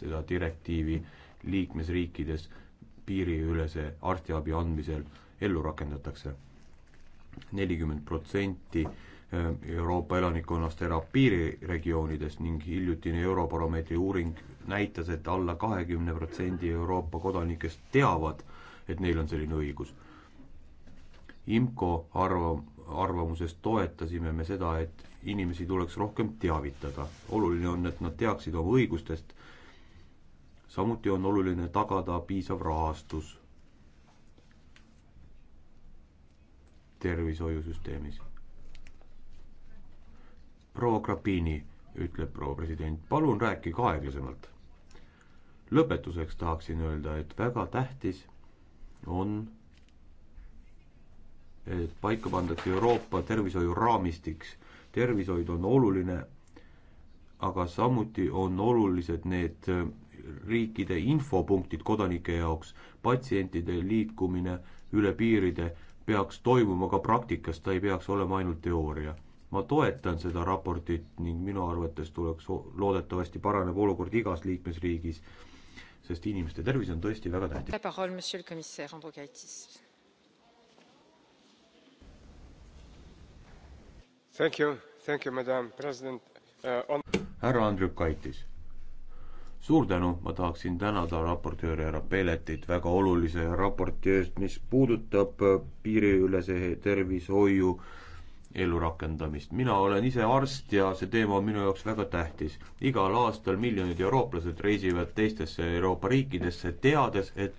seda direktiivi liikmesriikides piiriülese arstiabi andmisel ellu rakendatakse. nelikümmend protsenti äh, Euroopa elanikkonnast elab piiriregioonides ning hiljutine Eurobaromeetri uuring näitas, et alla kahekümne protsendi Euroopa kodanikest teavad, et neil on selline õigus. IMCO arv-, arvamuses toetasime me seda, et inimesi tuleks rohkem teavitada. oluline on, et nad teaksid oma õigustest samuti on oluline tagada piisav rahastus tervishoiusüsteemis. proua Grapini, ütleb proua president, palun rääkige aeglasemalt. lõpetuseks tahaksin öelda, et väga tähtis on, et paika pandakse Euroopa tervishoiuraamistiks. tervishoid on oluline, aga samuti on olulised need riikide infopunktid kodanike jaoks, patsientide liikumine üle piiride peaks toimuma ka praktikas, ta ei peaks olema ainult teooria. ma toetan seda raportit ning minu arvates tuleks, loodetavasti paraneb olukord igas liikmesriigis, sest inimeste tervis on tõesti väga tähtis. Thank you, thank you, madam president uh,. On härra Andrjukaitis suur tänu, ma tahaksin tänada raportööri härra Peletit väga olulise raporti eest, mis puudutab äh, piiriülese tervishoiu ellurakendamist. mina olen ise arst ja see teema on minu jaoks väga tähtis. igal aastal miljonid eurooplased reisivad teistesse Euroopa riikidesse, teades, et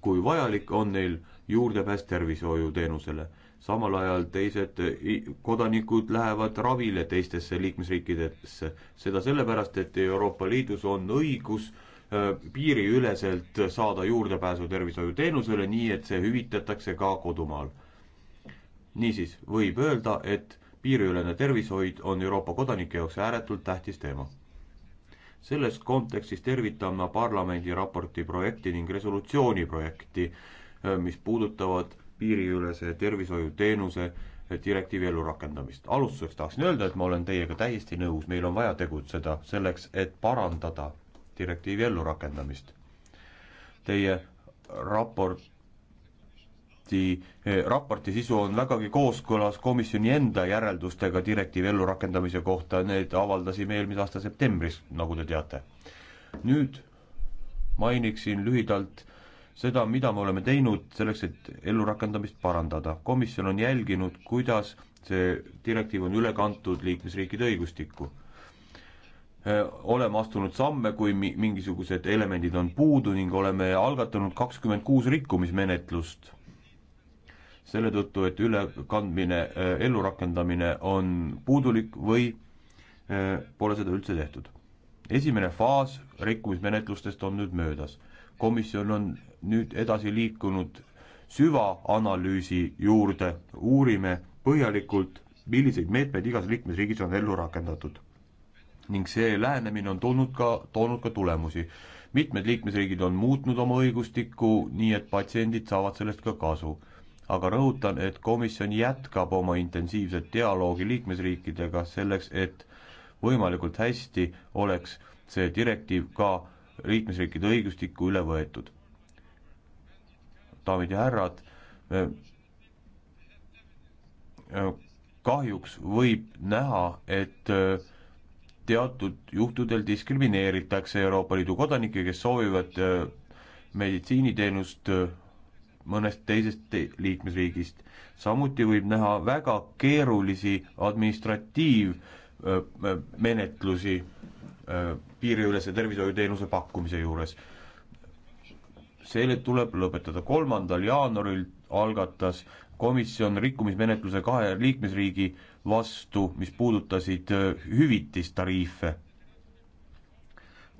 kui vajalik, on neil juurdepääs tervishoiuteenusele. samal ajal teised kodanikud lähevad ravile teistesse liikmesriikidesse. seda sellepärast, et Euroopa Liidus on õigus piiriüleselt saada juurdepääsu tervishoiuteenusele, nii et see hüvitatakse ka kodumaal. niisiis, võib öelda, et piiriülene tervishoid on Euroopa kodanike jaoks ääretult tähtis teema selles kontekstis tervitan ma parlamendi raporti projekti ning resolutsiooni projekti Äh, mis puudutavad piiriülese tervishoiuteenuse äh, direktiivi ellurakendamist. alustuseks tahaksin öelda, et ma olen teiega täiesti nõus, meil on vaja tegutseda selleks, et parandada direktiivi ellurakendamist. Teie raporti, äh, raporti sisu on vägagi kooskõlas komisjoni enda järeldustega direktiivi ellurakendamise kohta, need avaldasime eelmise aasta septembris, nagu te teate. nüüd mainiksin lühidalt äh, seda, mida me oleme teinud selleks, et ellurakendamist parandada. komisjon on jälginud, kuidas see direktiiv on üle kantud liikmesriikide õigustikku. Äh, oleme astunud samme, kui mi-, mingisugused elemendid on puudu ning oleme algatanud kakskümmend kuus rikkumismenetlust selle tõttu, et ülekandmine, äh, ellurakendamine on puudulik või äh, pole seda üldse tehtud. esimene faas rikkumismenetlustest on nüüd möödas. komisjon on nüüd edasi liikunud süvaanalüüsi juurde, uurime põhjalikult, milliseid meetmeid igas liikmesriigis on ellu rakendatud. ning see lähenemine on tulnud ka, toonud ka tulemusi. mitmed liikmesriigid on muutnud oma õigustikku, nii et patsiendid saavad sellest ka kasu. aga rõhutan, et komisjon jätkab oma intensiivset dialoogi liikmesriikidega selleks, et võimalikult hästi oleks see direktiiv ka liikmesriikide õigustikku üle võetud daamid ja härrad, äh, kahjuks võib näha, et äh, teatud juhtudel diskrimineeritakse Euroopa Liidu kodanikke, kes soovivad äh, meditsiiniteenust mõnest teisest te liikmesriigist. samuti võib näha väga keerulisi administratiivmenetlusi piiriülese tervishoiuteenuse pakkumise juures see tuleb lõpetada. kolmandal jaanuaril algatas komisjon rikkumismenetluse kahe liikmesriigi vastu, mis puudutasid hüvitistariife.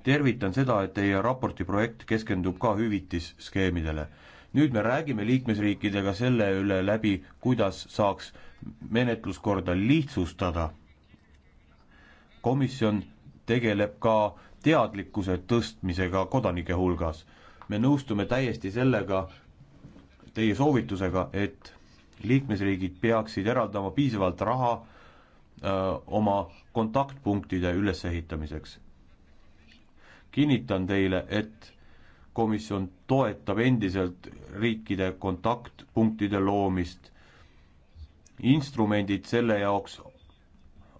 tervitan seda, et teie raporti projekt keskendub ka hüvitisskeemidele. nüüd me räägime liikmesriikidega selle üle läbi, kuidas saaks menetluskorda lihtsustada. komisjon tegeleb ka teadlikkuse tõstmisega kodanike hulgas me nõustume täiesti sellega, teie soovitusega, et liikmesriigid peaksid eraldama piisavalt raha öö, oma kontaktpunktide ülesehitamiseks. kinnitan teile, et komisjon toetab endiselt riikide kontaktpunktide loomist. instrumendid selle jaoks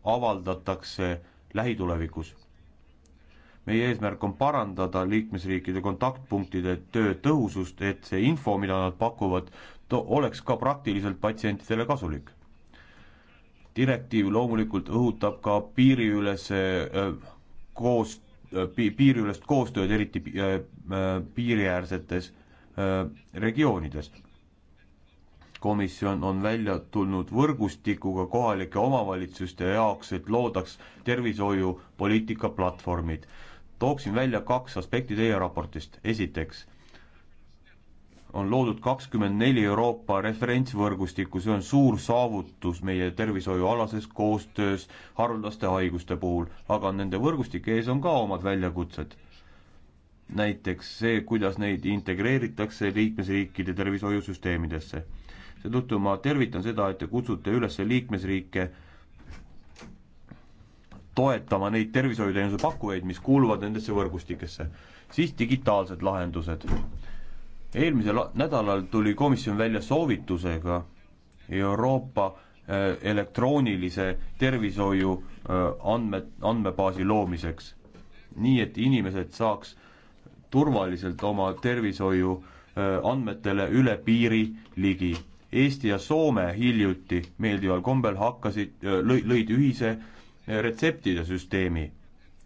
avaldatakse lähitulevikus meie eesmärk on parandada liikmesriikide kontaktpunktide töö tõhusust, et see info, mida nad pakuvad, oleks ka praktiliselt patsientidele kasulik. direktiiv loomulikult õhutab ka piiriülese äh, koos, äh, piiriülest koostööd, eriti äh, piiriäärsetes regioonides komisjon on välja tulnud võrgustikuga kohalike omavalitsuste jaoks, et loodaks tervishoiupoliitika platvormid tooksin välja kaks aspekti teie raportist, esiteks on loodud kakskümmend neli Euroopa referentsvõrgustikku, see on suur saavutus meie tervishoiualases koostöös haruldaste haiguste puhul, aga nende võrgustike ees on ka omad väljakutsed. näiteks see, kuidas neid integreeritakse liikmesriikide tervishoiusüsteemidesse. seetõttu ma tervitan seda, et te kutsute üles liikmesriike toetama neid tervishoiuteenuse pakkujaid, mis kuuluvad nendesse võrgustikesse. siis digitaalsed lahendused. eelmisel nädalal tuli komisjon välja soovitusega Euroopa äh, elektroonilise tervishoiu äh, andme, andmebaasi loomiseks. nii, et inimesed saaks turvaliselt oma tervishoiu äh, andmetele üle piiri ligi. Eesti ja Soome hiljuti meeldival kombel hakkasid, lõid ühise äh, retseptide süsteemi.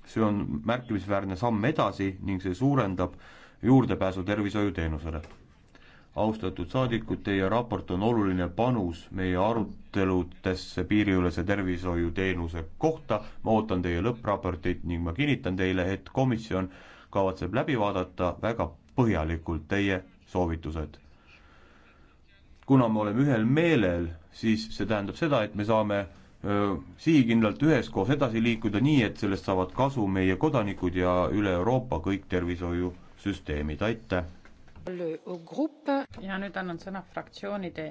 see on märkimisväärne samm edasi ning see suurendab juurdepääsu tervishoiuteenusele. austatud saadikud, teie raport on oluline panus meie aruteludesse piiriülese tervishoiuteenuse kohta, ma ootan teie lõppraportit ning ma kinnitan teile, et komisjon kavatseb läbi vaadata väga põhjalikult teie soovitused. kuna me oleme ühel meelel, siis see tähendab seda, et me saame sihikindlalt üheskoos edasi liikuda, nii et sellest saavad kasu meie kodanikud ja üle Euroopa kõik tervishoiusüsteemid, aitäh! ja nüüd annan sõna fraktsioonide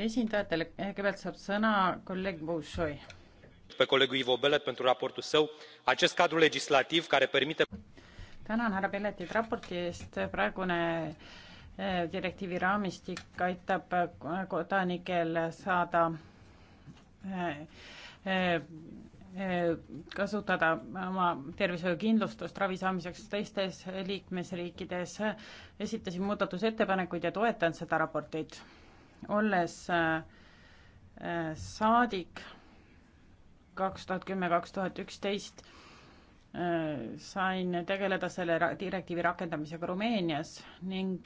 esindajatele, kõigepealt saab sõna kolleeg Bushoi. pe colegul Ivo Belet pentru raportul său, acest cadru legislativ care permite tänan härra Pelletit raporti eest, praegune eh, direktiivi raamistik aitab eh, kodanikel saada Äh, äh, äh, kasutada oma tervishoiukindlustust ravi saamiseks teistes liikmesriikides. esitasin muudatusettepanekuid ja toetan seda raportit. olles saadik kaks tuhat kümme, kaks tuhat üksteist sain tegeleda selle direktiivi rakendamisega Rumeenias ning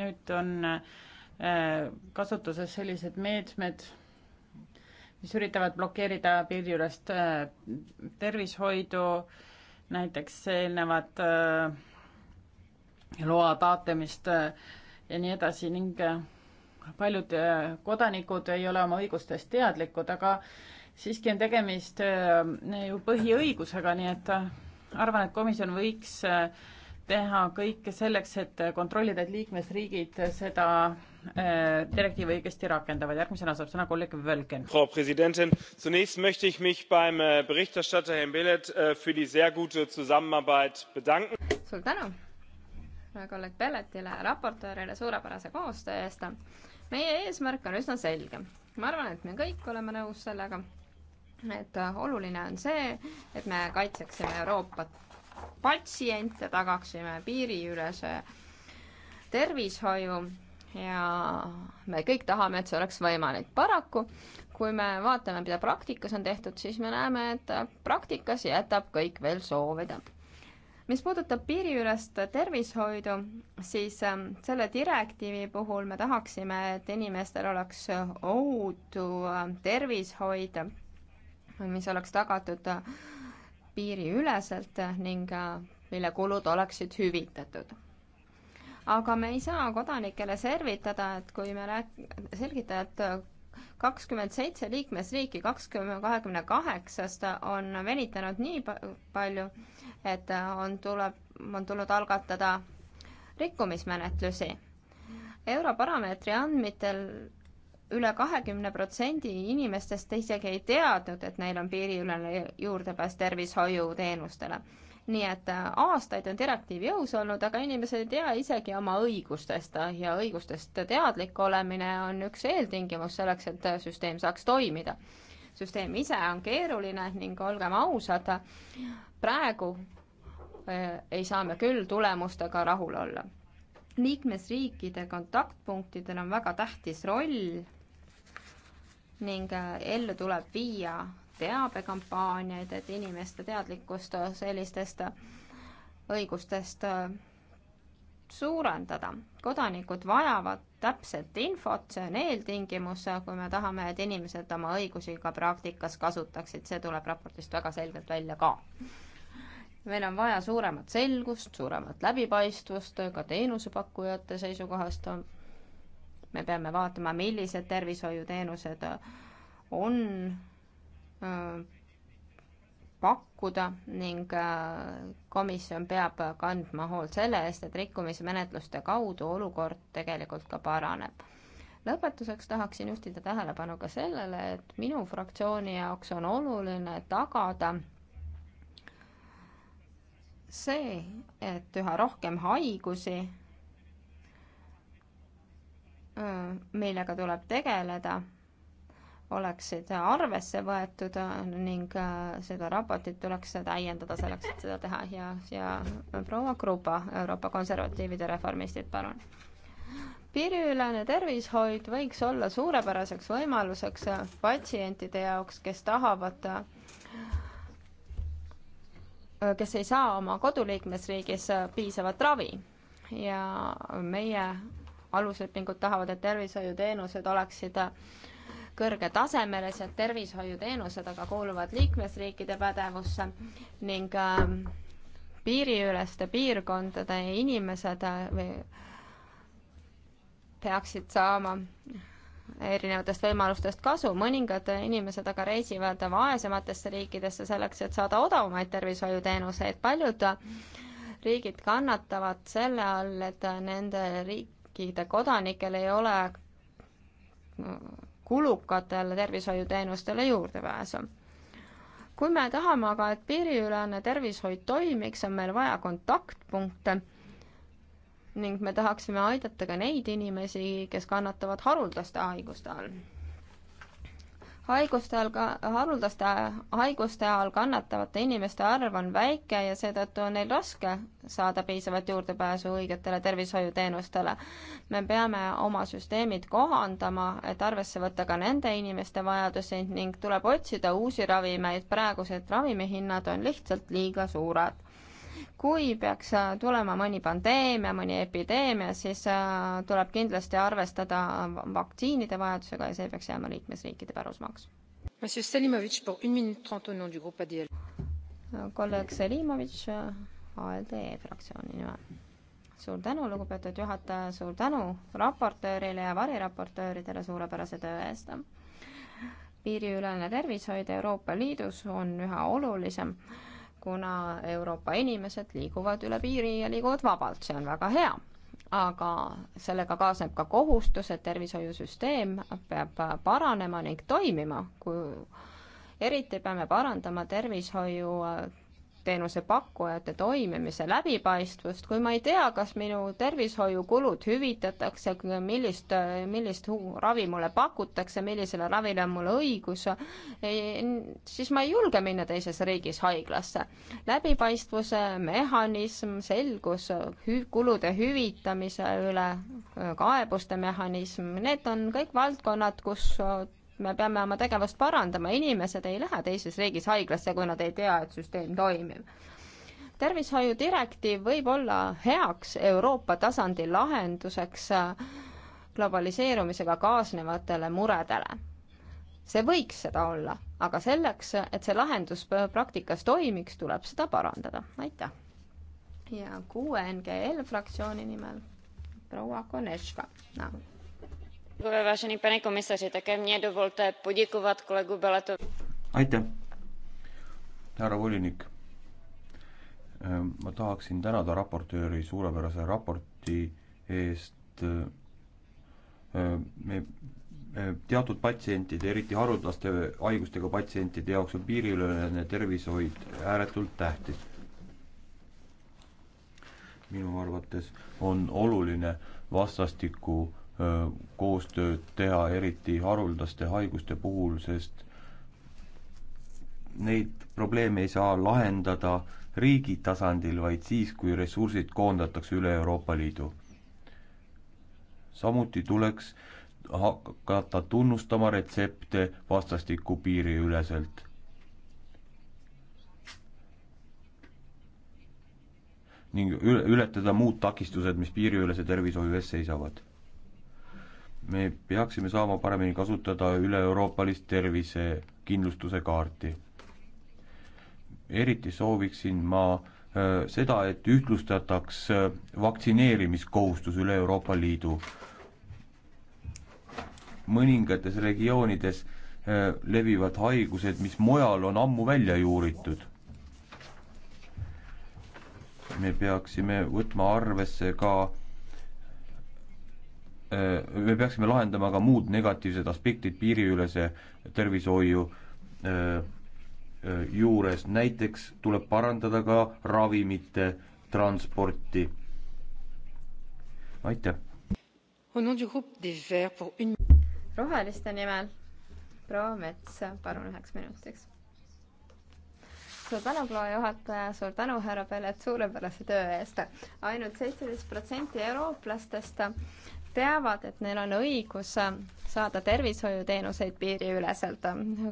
nüüd on kasutuses sellised meetmed, mis üritavad blokeerida piiriülest äh, tervishoidu, näiteks eelnevat äh, loa taotlemist äh, ja nii edasi ning paljud kodanikud ei ole oma õigustest teadlikud, aga siiski on tegemist ju põhiõigusega, nii et arvan, et komisjon võiks teha kõike selleks, et kontrollida, et liikmesriigid seda Äh, direktiivi õigesti rakendavad. järgmisena saab sõna kolleeg Völken. Frau Präsidentin, zunächst möchte ich mich beim äh, Berichterstatter Herrn Bellet äh, für die sehr gute Zusammenarbeit bedanken. suur tänu kolleeg Belletile, raportöörile suurepärase koostöö eest. meie eesmärk on üsna selge. ma arvan, et me kõik oleme nõus sellega, et oluline on see, et me kaitseksime Euroopat patsiente, tagaksime piiriülese tervishoiu ja me kõik tahame, et see oleks võimalik. paraku, kui me vaatame, mida praktikas on tehtud, siis me näeme, et praktikas jätab kõik veel soovida. mis puudutab piiriülest tervishoidu, siis ähm, selle direktiivi puhul me tahaksime, et inimestel oleks ohutu ähm, tervishoid, mis oleks tagatud äh, piiriüleselt ning äh, mille kulud oleksid hüvitatud aga me ei saa kodanikele servitada, et kui me rääk-, selgitada, et kakskümmend seitse liikmesriiki kakskümmend, kahekümne kaheksast on venitanud nii palju, et on, tuleb, on tulnud algatada rikkumismenetlusi. Eurobaromeetri andmetel üle kahekümne protsendi inimestest isegi ei teadnud, et neil on piiriülene juurdepääs tervishoiuteenustele nii et äh, aastaid on direktiiv jõus olnud, aga inimesed ei tea isegi oma õigustest äh, ja õigustest teadlik olemine on üks eeltingimus selleks, et äh, süsteem saaks toimida. süsteem ise on keeruline ning olgem ausad, praegu ei saa me küll tulemustega rahul olla. liikmesriikide kontaktpunktidel on väga tähtis roll ning ellu tuleb viia teabekampaaniaid, et inimeste teadlikkust sellistest õigustest suurendada. kodanikud vajavad täpset infot, see on eeltingimus, kui me tahame, et inimesed oma õigusi ka praktikas kasutaksid, see tuleb raportist väga selgelt välja ka. meil on vaja suuremat selgust, suuremat läbipaistvust ka teenusepakkujate seisukohast. me peame vaatama, millised tervishoiuteenused on pakkuda ning komisjon peab kandma hoolt selle eest, et rikkumismenetluste kaudu olukord tegelikult ka paraneb. lõpetuseks tahaksin juhtida tähelepanu ka sellele, et minu fraktsiooni jaoks on oluline tagada see, et üha rohkem haigusi, millega tuleb tegeleda oleksid arvesse võetud äh, ning äh, seda raportit tuleks täiendada selleks, et seda teha ja, ja proua Krupa, Euroopa Konservatiivide Reformistid, palun. piiriülene tervishoid võiks olla suurepäraseks võimaluseks äh, patsientide jaoks, kes tahavad kes ei saa oma koduliikmesriigis piisavat ravi ja meie aluslepingud tahavad, et tervishoiuteenused oleksid äh, kõrgetasemelised tervishoiuteenused aga kuuluvad liikmesriikide pädevusse ning ähm, piiriüleste piirkondade inimesed äh, või peaksid saama erinevatest võimalustest kasu, mõningad inimesed aga reisivad vaesematesse riikidesse selleks, et saada odavamaid tervishoiuteenuseid, paljud riigid kannatavad selle all, et nende riikide kodanikel ei ole kulukatele tervishoiuteenustele juurdepääsu. kui me tahame aga, et piiriülene tervishoid toimiks, on meil vaja kontaktpunkte ning me tahaksime aidata ka neid inimesi, kes kannatavad haruldaste haiguste all haiguste all ka, haruldaste haiguste all kannatavate inimeste arv on väike ja seetõttu on neil raske saada piisavat juurdepääsu õigetele tervishoiuteenustele. me peame oma süsteemid kohandama, et arvesse võtta ka nende inimeste vajadusi ning tuleb otsida uusi ravimeid, praegused ravimihinnad on lihtsalt liiga suured kui peaks äh, tulema mõni pandeemia, mõni epideemia, siis äh, tuleb kindlasti arvestada vaktsiinide vajadusega ja see peaks jääma liikmesriikide pärusmaaks. kolleeg Selimovitš äh, ALDE fraktsiooni nimel suur tänu, lugupeetud juhataja, suur tänu raportöörile ja variraportööridele suurepärase töö eest. piiriülene tervishoid Euroopa Liidus on üha olulisem kuna Euroopa inimesed liiguvad üle piiri ja liiguvad vabalt, see on väga hea. aga sellega kaasneb ka kohustus, et tervishoiusüsteem peab paranema ning toimima, kui eriti peame parandama tervishoiu teenuse pakkujate toimimise läbipaistvust, kui ma ei tea, kas minu tervishoiukulud hüvitatakse, millist, millist ravi mulle pakutakse, millisele ravile on mul õigus, siis ma ei julge minna teises riigis haiglasse. läbipaistvuse mehhanism, selgus hü-, kulude hüvitamise üle, kaebuste mehhanism, need on kõik valdkonnad, kus me peame oma tegevust parandama, inimesed ei lähe teises riigis haiglasse, kui nad ei tea, et süsteem toimib. tervishoiu direktiiv võib olla heaks Euroopa tasandi lahenduseks äh, globaliseerumisega kaasnevatele muredele. see võiks seda olla, aga selleks, et see lahendus praktikas toimiks, tuleb seda parandada, aitäh. ja kuue NGL fraktsiooni nimel proua Koneška no vážený pane komisaři, také mě dovolte poděkovat kolegu Beletovi. aitäh, härra volinik. Ehm, ma tahaksin tänada raportööri suurepärase raporti eest. Ehm, me ehm, teatud patsientide, eriti haruldaste haigustega patsientide jaoks on piiriülene tervishoid ääretult tähtis. minu arvates on oluline vastastikku koostööd teha, eriti haruldaste haiguste puhul, sest neid probleeme ei saa lahendada riigi tasandil, vaid siis, kui ressursid koondatakse üle Euroopa Liidu. samuti tuleks hakata tunnustama retsepte vastastikku piiriüleselt. ning ületada muud takistused, mis piiriülese tervishoiu ees seisavad me peaksime saama paremini kasutada üle-euroopalist tervisekindlustuse kaarti. eriti sooviksin ma äh, seda, et ühtlustataks äh, vaktsineerimiskohustus üle Euroopa Liidu. mõningates regioonides äh, levivad haigused, mis mujal on ammu välja juuritud. me peaksime võtma arvesse ka Äh, me peaksime lahendama ka muud negatiivsed aspektid piiriülese tervishoiu äh, äh, juures, näiteks tuleb parandada ka ravimite transporti. aitäh! roheliste nimel proua Mets, palun üheks minutiks. suur tänu, proua juhataja, suur tänu, härra Pellet, suurepärase töö eest. ainult seitseteist protsenti eurooplastest teavad, et neil on õigus äh, saada tervishoiuteenuseid piiriüleselt.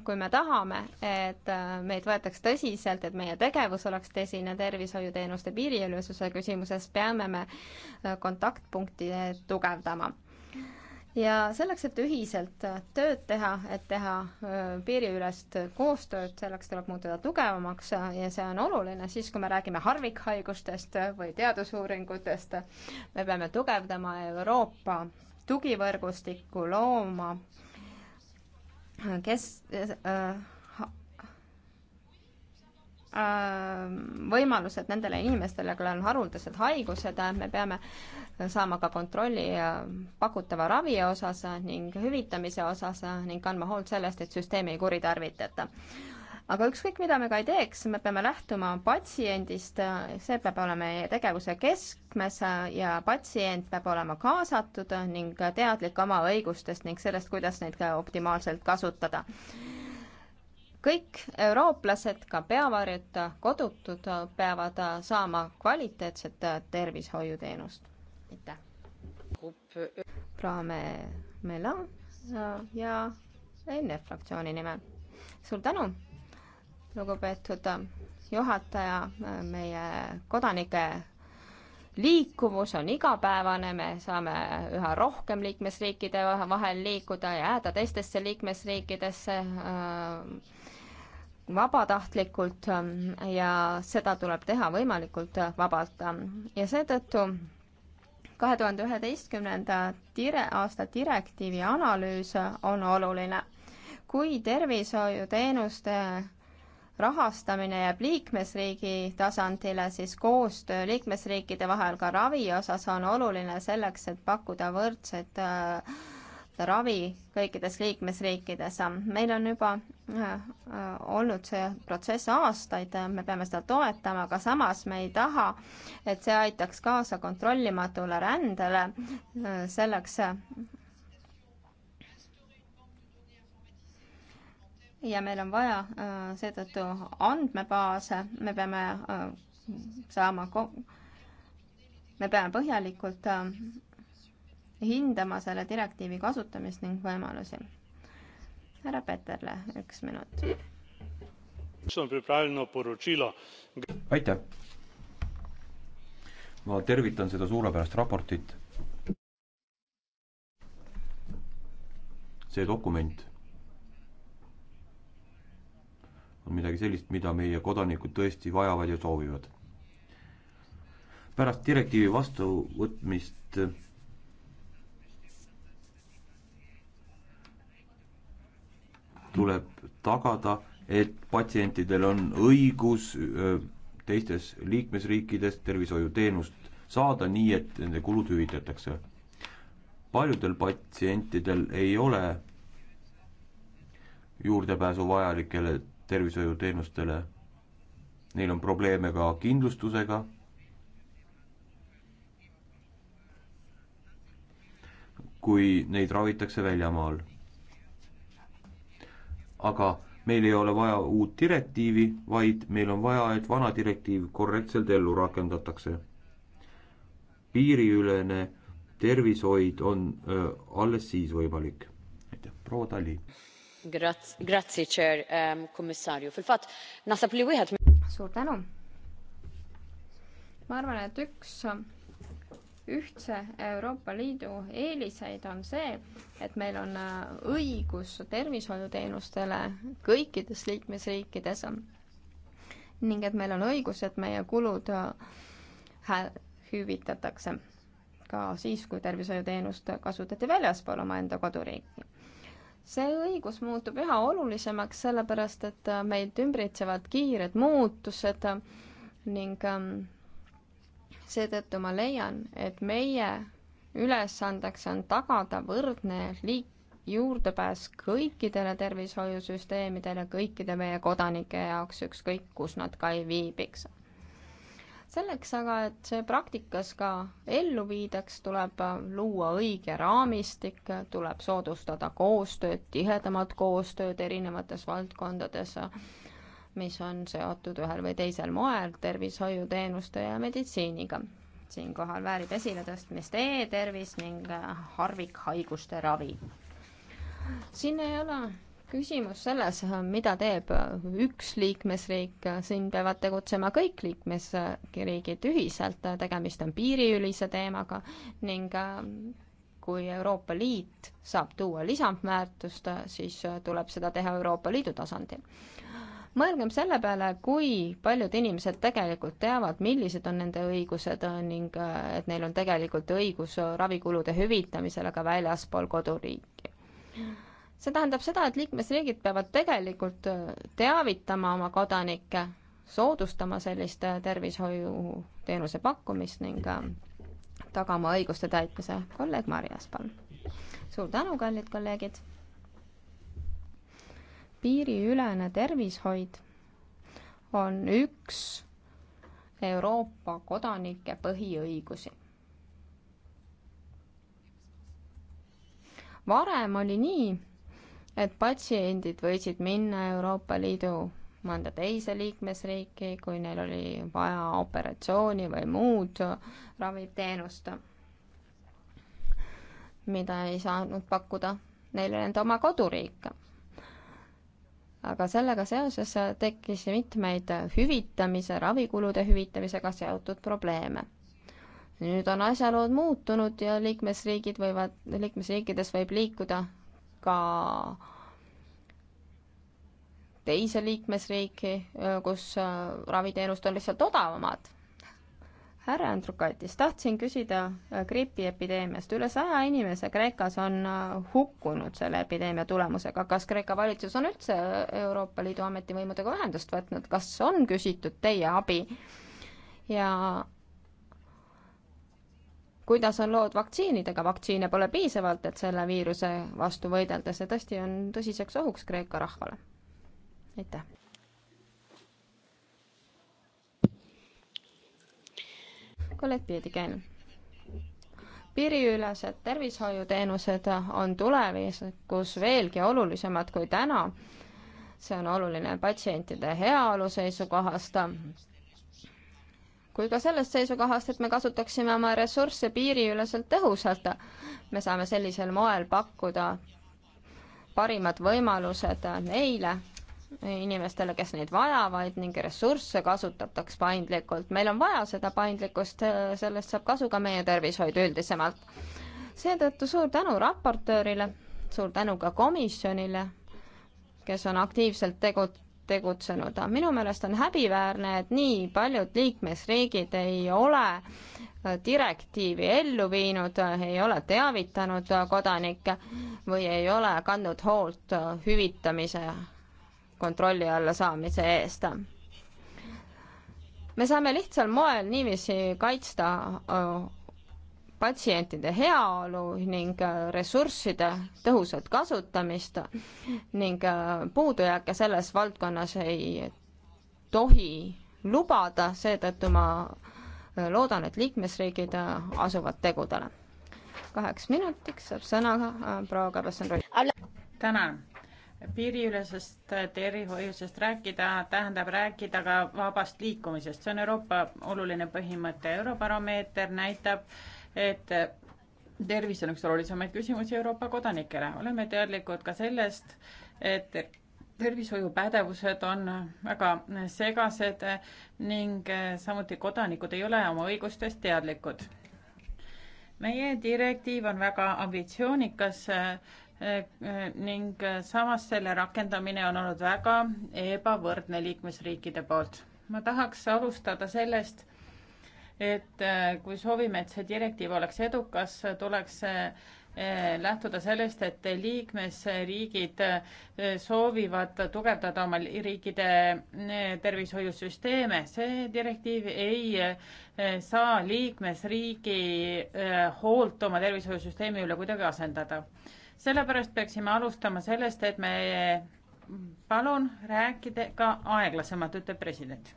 kui me tahame, et äh, meid võetaks tõsiselt, et meie tegevus oleks tõsine tervishoiuteenuste piiriülisuse küsimuses, peame me äh, kontaktpunkti tugevdama ja selleks, et ühiselt äh, tööd teha, et teha äh, piiriülest koostööd, selleks tuleb muutuda tugevamaks äh, ja see on oluline siis, kui me räägime harvikhaigustest või teadusuuringutest. me peame tugevdama Euroopa tugivõrgustikku, looma kes äh, Äh, võimalused nendele inimestele, kellel on haruldased haigused, äh, me peame saama ka kontrolli äh, pakutava ravi osas ning hüvitamise osas ning kandma hoolt sellest, et süsteemi ei kuritarvitata. aga ükskõik, mida me ka ei teeks, me peame lähtuma patsiendist, see peab olema meie tegevuse keskmes ja patsient peab olema kaasatud ning teadlik oma õigustest ning sellest, kuidas neid ka optimaalselt kasutada kõik eurooplased, ka peavarjud, kodutud, peavad saama kvaliteetset tervishoiuteenust. aitäh! proua Me-, Melan äh, ja e NF fraktsiooni nimel. suur tänu, lugupeetud äh, juhataja, äh, meie kodanike liikuvus on igapäevane, me saame üha rohkem liikmesriikide vahel liikuda ja jääda teistesse liikmesriikidesse äh, vabatahtlikult ähm, ja seda tuleb teha võimalikult äh, vabalt ähm, ja seetõttu kahe tuhande üheteistkümnenda dire-, aasta direktiivi analüüs on oluline. kui tervishoiuteenuste rahastamine jääb liikmesriigi tasandile, siis koostöö liikmesriikide vahel ka ravi osas on oluline selleks, et pakkuda võrdset äh, ravi kõikides liikmesriikides. meil on juba äh, äh, olnud see protsess aastaid, me peame seda toetama, aga samas me ei taha, et see aitaks kaasa kontrollimatule rändele, äh, selleks ja meil on vaja seetõttu andmebaase, me peame saama, me peame põhjalikult hindama selle direktiivi kasutamist ning võimalusi. härra Peterle, üks minut. aitäh! ma tervitan seda suurepärast raportit. see dokument on midagi sellist, mida meie kodanikud tõesti vajavad ja soovivad. pärast direktiivi vastuvõtmist tuleb tagada, et patsientidel on õigus teistes liikmesriikides tervishoiuteenust saada, nii et nende kulud hüvitatakse. paljudel patsientidel ei ole juurdepääsu vajalikele tervishoiuteenustele. Neil on probleeme ka kindlustusega. kui neid ravitakse väljamaal aga meil ei ole vaja uut direktiivi, vaid meil on vaja, et vana direktiiv korrektselt ellu rakendatakse. piiriülene tervishoid on öö, alles siis võimalik. aitäh, proua Tali. Grazie, chair um,, ähm, komissarju, fil-fat, nasab li wieħed. suur tänu. ma arvan, et üks ühtse Euroopa Liidu eeliseid on see, et meil on äh, õigus tervishoiuteenustele kõikides liikmesriikides ning et meil on õigus, et meie kulud äh, hüvitatakse ka siis, kui tervishoiuteenust kasutati väljaspool omaenda koduriiki see õigus muutub üha olulisemaks, sellepärast et äh, meid ümbritsevad kiired muutused ning ähm, seetõttu ma leian, et meie ülesandeks on tagada võrdne liik-, juurdepääs kõikidele tervishoiusüsteemidele kõikide meie kodanike jaoks, ükskõik kus nad ka ei viibiks. selleks aga, et see praktikas ka ellu viidaks, tuleb luua õige raamistik, tuleb soodustada koostööd, tihedamat koostööd erinevates valdkondades mis on seotud ühel või teisel moel tervishoiuteenuste ja meditsiiniga. siinkohal väärib esiletõstmist e-tervis ning äh, harvikhaiguste ravi. siin ei ole küsimus selles, äh, mida teeb äh, üks liikmesriik, siin peavad tegutsema kõik liikmesriigid ühiselt, tegemist on piiriülise teemaga ning kui Euroopa Liit saab tuua lisandväärtust, siis tuleb seda teha Euroopa Liidu tasandil mõelgem selle peale, kui paljud inimesed tegelikult teavad, millised on nende õigused äh, ning äh, et neil on tegelikult õigus ravikulude hüvitamisele ka väljaspool koduriiki. see tähendab seda, et liikmesriigid peavad tegelikult äh, teavitama oma kodanikke, soodustama sellist tervishoiuteenuse pakkumist ning tagama õiguste täitmise. kolleeg Marjas, palun. suur tänu, kallid kolleegid piiriülene tervishoid on üks Euroopa kodanike põhiõigusi. varem oli nii, et patsiendid võisid minna Euroopa Liidu mõnda teise liikmesriiki, kui neil oli vaja operatsiooni või muud raviteenust, mida ei saanud pakkuda neile nende oma koduriik aga sellega seoses tekkis mitmeid hüvitamise, ravikulude hüvitamisega seotud probleeme. nüüd on asjalood muutunud ja liikmesriigid võivad, liikmesriikides võib liikuda ka teise liikmesriiki, kus raviteenused on lihtsalt odavamad härra Andrukaitis, tahtsin küsida äh, gripiepideemiast. üle saja inimese Kreekas on äh, hukkunud selle epideemia tulemusega. kas Kreeka valitsus on üldse äh, Euroopa Liidu ametivõimudega ühendust võtnud, kas on küsitud teie abi? ja kuidas on lood vaktsiinidega, vaktsiine pole piisavalt, et selle viiruse vastu võidelda, see tõesti on tõsiseks ohuks Kreeka rahvale. aitäh! kolleeg Piedikäin. piiriülesed tervishoiuteenused on tulevikus veelgi olulisemad kui täna. see on oluline patsientide heaolu seisukohast kui ka sellest seisukohast, et me kasutaksime oma ressursse piiriüleselt tõhusalt. me saame sellisel moel pakkuda parimad võimalused neile, inimestele, kes neid vajavad ning ressursse kasutataks paindlikult. meil on vaja seda paindlikkust, äh, sellest saab kasu ka meie tervishoid üldisemalt. seetõttu suur tänu raportöörile, suur tänu ka komisjonile, kes on aktiivselt tegu-, tegutsenud. minu meelest on häbiväärne, et nii paljud liikmesriigid ei ole äh, direktiivi ellu viinud, ei ole teavitanud äh, kodanikke või ei ole kandnud hoolt hüvitamise kontrolli alla saamise eest. me saame lihtsal moel niiviisi kaitsta patsientide heaolu ning ressursside tõhusat kasutamist ning puudujääke selles valdkonnas ei tohi lubada, seetõttu ma loodan, et liikmesriigid asuvad tegudele. kaheks minutiks saab sõna proua Karlsson-Roll. tänan piiriülesest tervishoiusest rääkida tähendab rääkida ka vabast liikumisest, see on Euroopa oluline põhimõte. Eurobaromeeter näitab, et tervis on üks olulisemaid küsimusi Euroopa kodanikele. oleme teadlikud ka sellest, et tervishoiupädevused on väga segased ning samuti kodanikud ei ole oma õigustest teadlikud. meie direktiiv on väga ambitsioonikas Äh, äh, ning äh, samas selle rakendamine on olnud väga ebavõrdne liikmesriikide poolt. ma tahaks alustada sellest, et kui soovime, et see direktiiv oleks edukas, tuleks lähtuda sellest, et liikmesriigid soovivad tugevdada oma riikide tervishoiusüsteeme. see direktiiv ei saa liikmesriigi hoolt oma tervishoiusüsteemi üle kuidagi asendada sellepärast peaksime alustama sellest, et me palun rääkida ka aeglasemalt, ütleb president.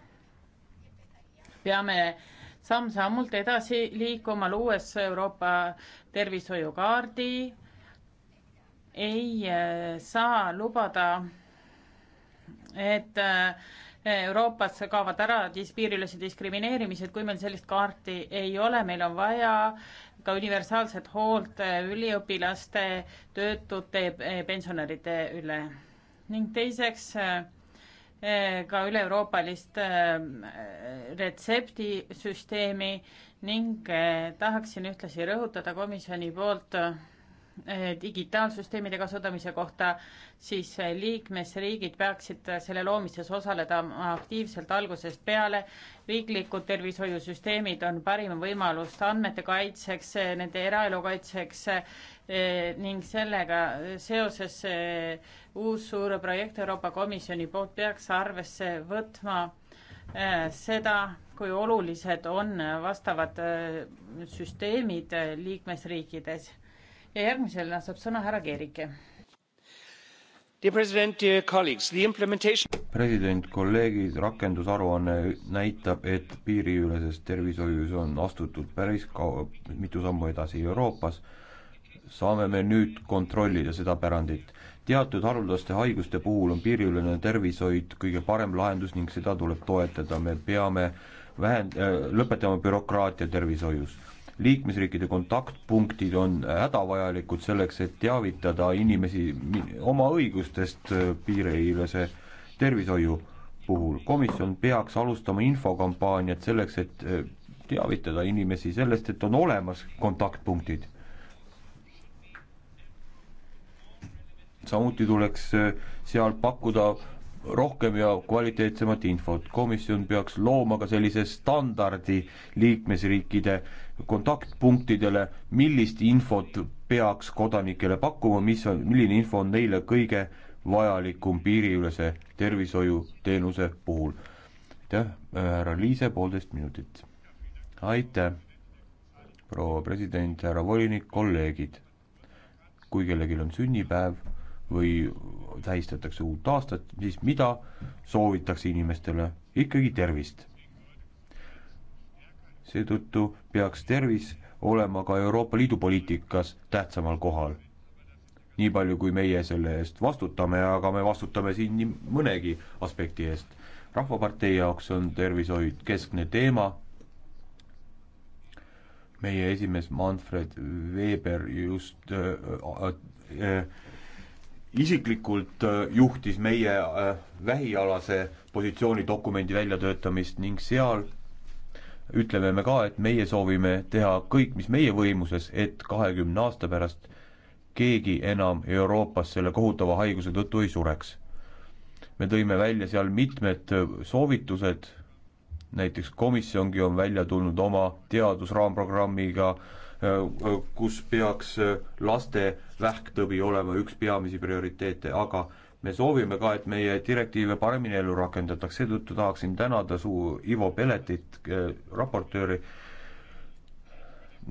peame samm-sammult edasi liikuma, luues Euroopa tervishoiukaardi. ei äh, saa lubada, et äh, Euroopasse kaovad ära piiriülese diskrimineerimised, kui meil sellist kaarti ei ole, meil on vaja äh, ka universaalset hoolt eh, üliõpilaste, töötute, eh, pensionäride üle ning teiseks eh, ka üle-euroopalist retseptisüsteemi ning tahaksin ühtlasi rõhutada komisjoni poolt Eh, digitaalsüsteemide kasutamise kohta, siis eh, liikmesriigid peaksid eh, selle loomises osaleda aktiivselt algusest peale. riiklikud tervishoiusüsteemid on parim võimalus andmete kaitseks, nende eraelu kaitseks ning sellega seoses uus suur projekt Euroopa Komisjoni poolt peaks arvesse võtma seda, kui olulised on vastavad süsteemid liikmesriikides ja järgmisena saab sõna härra Keerike. president, kolleegid, rakendusaruanne näitab, et piiriüleses tervishoius on astutud päris kaua, mitu sammu edasi Euroopas, saame me nüüd kontrollida seda pärandit teatud haruldaste haiguste puhul on piiriülene tervishoid kõige parem lahendus ning seda tuleb toetada, me peame vähend- äh,, lõpetama bürokraatia tervishoius liikmesriikide kontaktpunktid on hädavajalikud selleks, et teavitada inimesi oma õigustest äh, piiriülese tervishoiu puhul. komisjon peaks alustama infokampaaniat selleks, et äh, teavitada inimesi sellest, et on olemas kontaktpunktid. samuti tuleks äh, seal pakkuda rohkem ja kvaliteetsemat infot. komisjon peaks looma ka sellise standardi liikmesriikide kontaktpunktidele, millist infot peaks kodanikele pakkuma, mis on, milline info on neile kõige vajalikum piiriülese tervishoiuteenuse puhul. aitäh, äh, härra Liise, poolteist minutit. aitäh, proua president, härra volinik, kolleegid. kui kellelgi on sünnipäev või tähistatakse uut aastat, siis mida soovitakse inimestele? ikkagi tervist. seetõttu peaks tervis olema ka Euroopa Liidu poliitikas tähtsamal kohal. nii palju, kui meie selle eest vastutame, aga me vastutame siin nii mõnegi aspekti eest. rahvapartei jaoks on tervishoid keskne teema, meie esimees Manfred Weber just äh, äh, isiklikult äh, juhtis meie äh, vähialase positsiooni dokumendi väljatöötamist ning seal ütleme me ka, et meie soovime teha kõik, mis meie võimuses, et kahekümne aasta pärast keegi enam Euroopas selle kohutava haiguse tõttu ei sureks. me tõime välja seal mitmed äh, soovitused, näiteks komisjongi on välja tulnud oma teadusraamprogrammiga äh,, Äh, kus peaks äh, laste vähktõbi olema üks peamisi prioriteete, aga me soovime ka, et meie direktiive paremini ellu rakendataks, seetõttu tahaksin tänada su Ivo Peletit, äh, raportööri,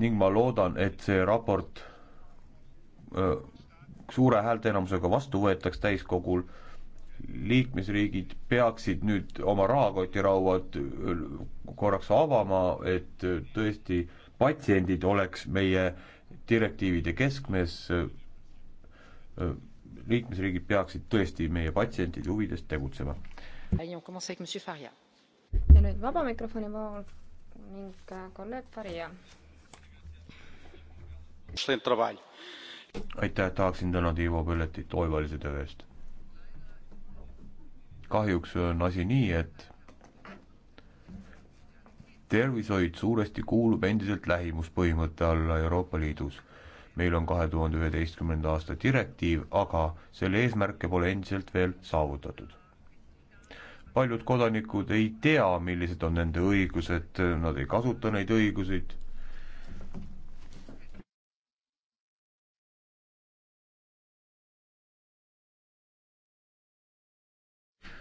ning ma loodan, et see raport suure häälteenamusega vastu võetaks täiskogul, liikmesriigid peaksid nüüd oma rahakotirauad korraks avama, et tõesti äh, patsiendid oleks meie direktiivide keskmes, liikmesriigid peaksid tõesti meie patsientide huvides tegutsema. ja nüüd vaba mikrofoni pool ning äh, kolleeg Faria. aitäh, tahaksin tänada Ivo Põlletit oivalise töö eest. kahjuks on asi nii, et tervishoid suuresti kuulub endiselt lähimuspõhimõtte alla Euroopa Liidus. meil on kahe tuhande üheteistkümnenda aasta direktiiv, aga selle eesmärke pole endiselt veel saavutatud. paljud kodanikud ei tea, millised on nende õigused, nad ei kasuta neid õiguseid,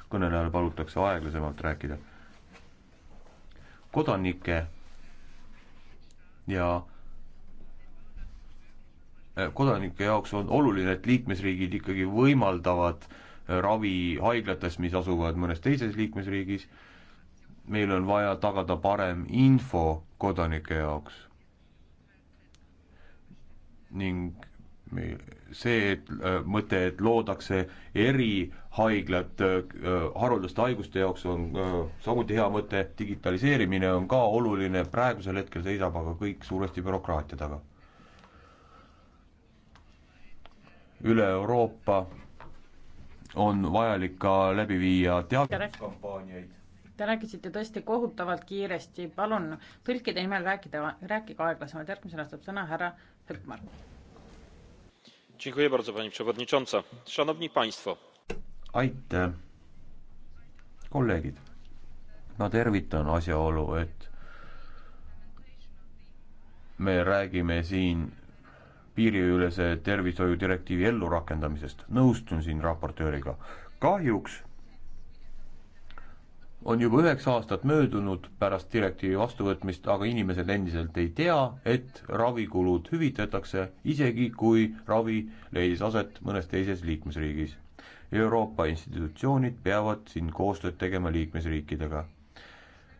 kõnelejal palutakse aeglasemalt rääkida kodanikke ja äh, kodanike jaoks on oluline, et liikmesriigid ikkagi võimaldavad äh, ravi haiglates, mis asuvad mõnes teises liikmesriigis, meil on vaja tagada parem info kodanike jaoks. ning see, et äh, mõte, et loodakse erihaiglad äh, äh, haruldaste haiguste jaoks, on samuti hea mõte, digitaliseerimine on ka oluline, praegusel hetkel seisab aga kõik suuresti bürokraatia taga. üle Euroopa on vajalik ka läbi viia teaduskampaaniaid. Te rääkisite tõesti kohutavalt kiiresti, palun tõlkide nimel rääkida, rääkige aeglasemalt, järgmisena saab sõna härra Hõlkmar pani przewodnicząca! szanowni państwo! aitäh! kolleegid! ma tervitan asjaolu, et me räägime siin piiriülese tervishoiudirektiivi ellurakendamisest. nõustun siin raportööriga. kahjuks on juba üheksa aastat möödunud pärast direktiivi vastuvõtmist, aga inimesed endiselt ei tea, et ravikulud hüvitatakse, isegi kui ravi leidis aset mõnes teises liikmesriigis. Euroopa institutsioonid peavad siin koostööd tegema liikmesriikidega.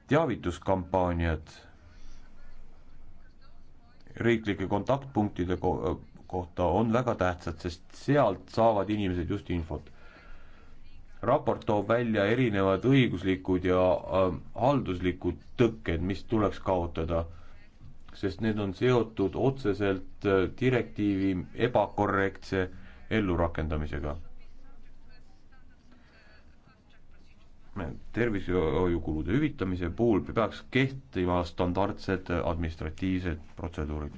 teavituskampaaniad riiklike kontaktpunktide ko kohta on väga tähtsad, sest sealt saavad inimesed just infot raport toob välja erinevad õiguslikud ja äh, halduslikud tõkked, mis tuleks kaotada, sest need on seotud otseselt äh, direktiivi ebakorrektse ellurakendamisega. tervishoiukulude hüvitamise puhul peaks kehtima standardsed administratiivsed protseduurid.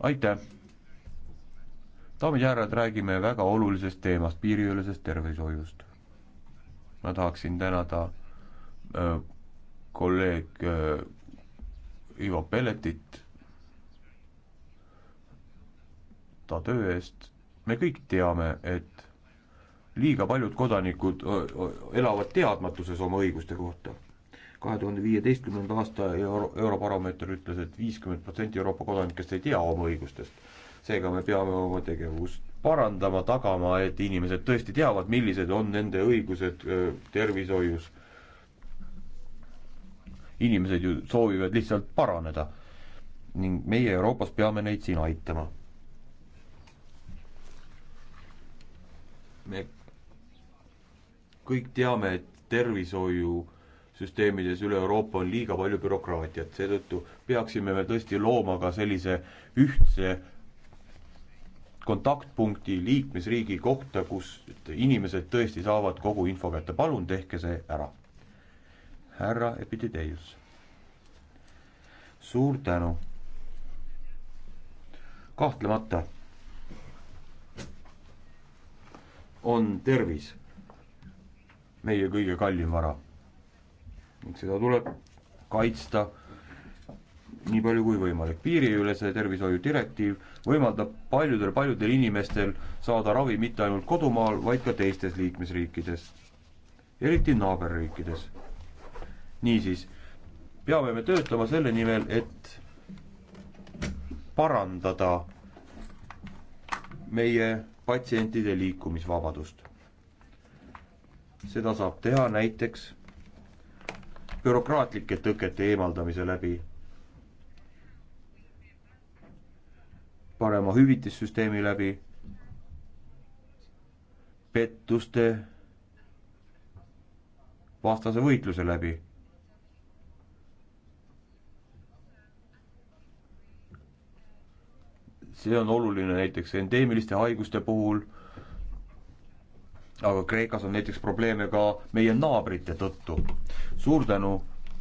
aitäh! daamid ja härrad, räägime väga olulisest teemast, piiriülesest tervishoiust. ma tahaksin tänada äh, kolleeg äh, Ivo Pelletit ta töö eest, me kõik teame, et liiga paljud kodanikud äh, äh, elavad teadmatuses oma õiguste kohta. kahe tuhande viieteistkümnenda aasta euro, Eurobaromeeter ütles et, et viiskümmend protsenti Euroopa kodanikest ei tea oma õigustest seega me peame oma tegevust parandama, tagama, et inimesed tõesti teavad, millised on nende õigused tervishoius. inimesed ju soovivad lihtsalt paraneda ning meie Euroopas peame neid siin aitama. me kõik teame, et tervishoiusüsteemides üle Euroopa on liiga palju bürokraatiat, seetõttu peaksime me tõesti looma ka sellise ühtse kontaktpunkti liikmesriigi kohta, kus inimesed tõesti saavad kogu info kätte, palun tehke see ära. härra Epideteius. suur tänu. kahtlemata on tervis meie kõige kallim vara ning seda tuleb kaitsta nii palju kui võimalik. piiriülese tervishoiu direktiiv võimaldab paljudel-paljudel inimestel saada ravi mitte ainult kodumaal, vaid ka teistes liikmesriikides, eriti naaberriikides. niisiis, peame me töötama selle nimel, et parandada meie patsientide liikumisvabadust. seda saab teha näiteks bürokraatlike tõkete eemaldamise läbi parema hüvitissüsteemi läbi, pettuste vastase võitluse läbi. see on oluline näiteks endeemiliste haiguste puhul, aga Kreekas on näiteks probleeme ka meie naabrite tõttu. suur tänu,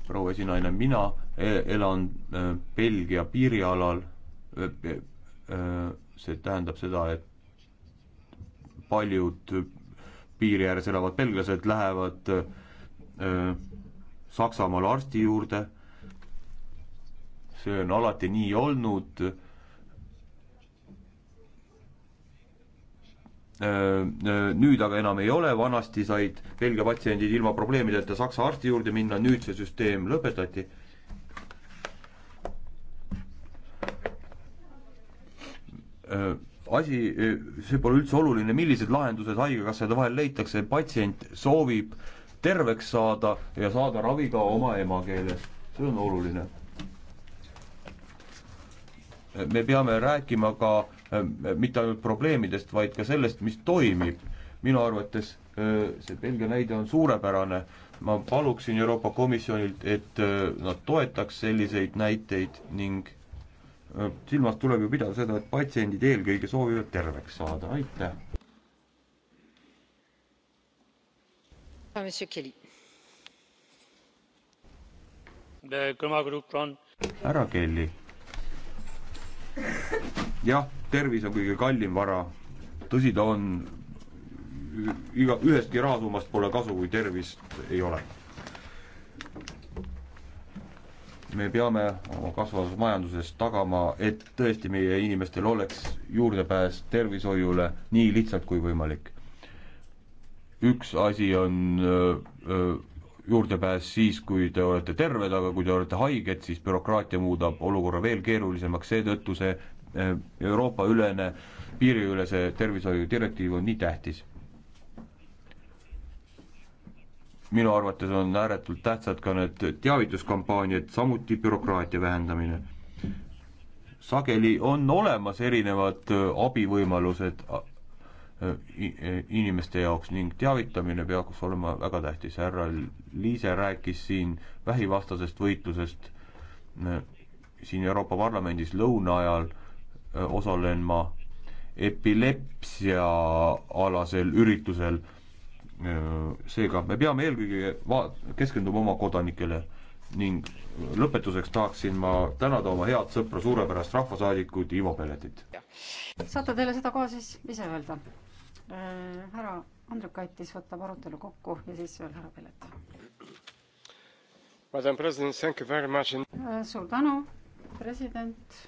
proua esinaine, mina e-, elan e, Belgia piirialal, e, Äh, see tähendab seda, et paljud piiri ääres elavad belglased lähevad äh, Saksamaal arsti juurde, see on alati nii olnud, äh, nüüd aga enam ei ole, vanasti said Belgia patsiendid ilma probleemideta Saksa arsti juurde minna, nüüd see süsteem lõpetati Äh, asi, äh, see pole üldse oluline, millised lahendused haigekassade vahel leitakse, patsient soovib terveks saada ja saada ravi ka oma emakeeles, see on oluline. Äh, me peame rääkima ka mitte ainult probleemidest, vaid ka sellest, mis toimib. minu arvates see Belgia näide on suurepärane, ma paluksin Euroopa Komisjonilt, et nad toetaks selliseid näiteid ning Äh, silmas tuleb ju pidada seda, et patsiendid eelkõige soovivad terveks saada, aitäh. Äh, härra Kelly. jah, tervis on kõige kallim vara, tõsi ta on, iga, ühestki rahasummast pole kasu, kui tervist ei ole me peame oma kasvavas majanduses tagama, et tõesti meie inimestel oleks juurdepääs tervishoiule nii lihtsalt kui võimalik. üks asi on öö, juurdepääs siis, kui te olete terved, aga kui te olete haiged, siis bürokraatia muudab olukorra veel keerulisemaks, seetõttu see Euroopa-ülene, piiriülese tervishoiu direktiiv on nii tähtis. minu arvates on ääretult tähtsad ka need teavituskampaaniad, samuti bürokraatia vähendamine. sageli on olemas erinevad äh, abivõimalused äh, äh, inimeste jaoks ning teavitamine peaks olema väga tähtis. härra Liise rääkis siin vähivastasest võitlusest siin Euroopa Parlamendis lõuna ajal osalen ma epilepsia alasel üritusel Äh, seega me peame eelkõige va-, keskenduma oma kodanikele ning lõpetuseks tahaksin ma tänada oma head sõpra, suurepärast rahvasaadikut Ivo Pelletit. saate teile seda kohe siis ise öelda? Äh, härra Andrukaitis võtab arutelu kokku ja siis veel härra Pellet. Äh, suur tänu, president.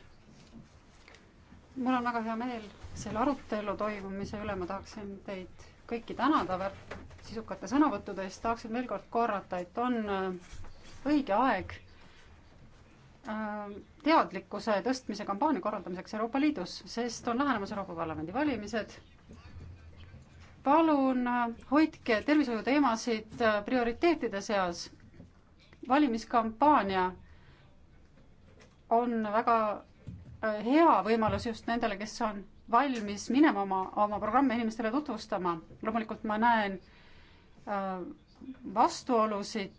mul on väga hea meel selle arutelu toimumise üle, ma tahaksin teid kõiki tänada sisukate sõnavõttude eest, tahaksin veel kord korrata, et on äh, õige aeg äh, teadlikkuse tõstmise kampaania korraldamiseks Euroopa Liidus, sest on lähenemas Euroopa Parlamendi valimised. palun äh, hoidke tervishoiuteemasid prioriteetide seas. valimiskampaania on väga hea võimalus just nendele, kes on valmis minema oma, oma programme inimestele tutvustama. loomulikult ma näen äh, vastuolusid,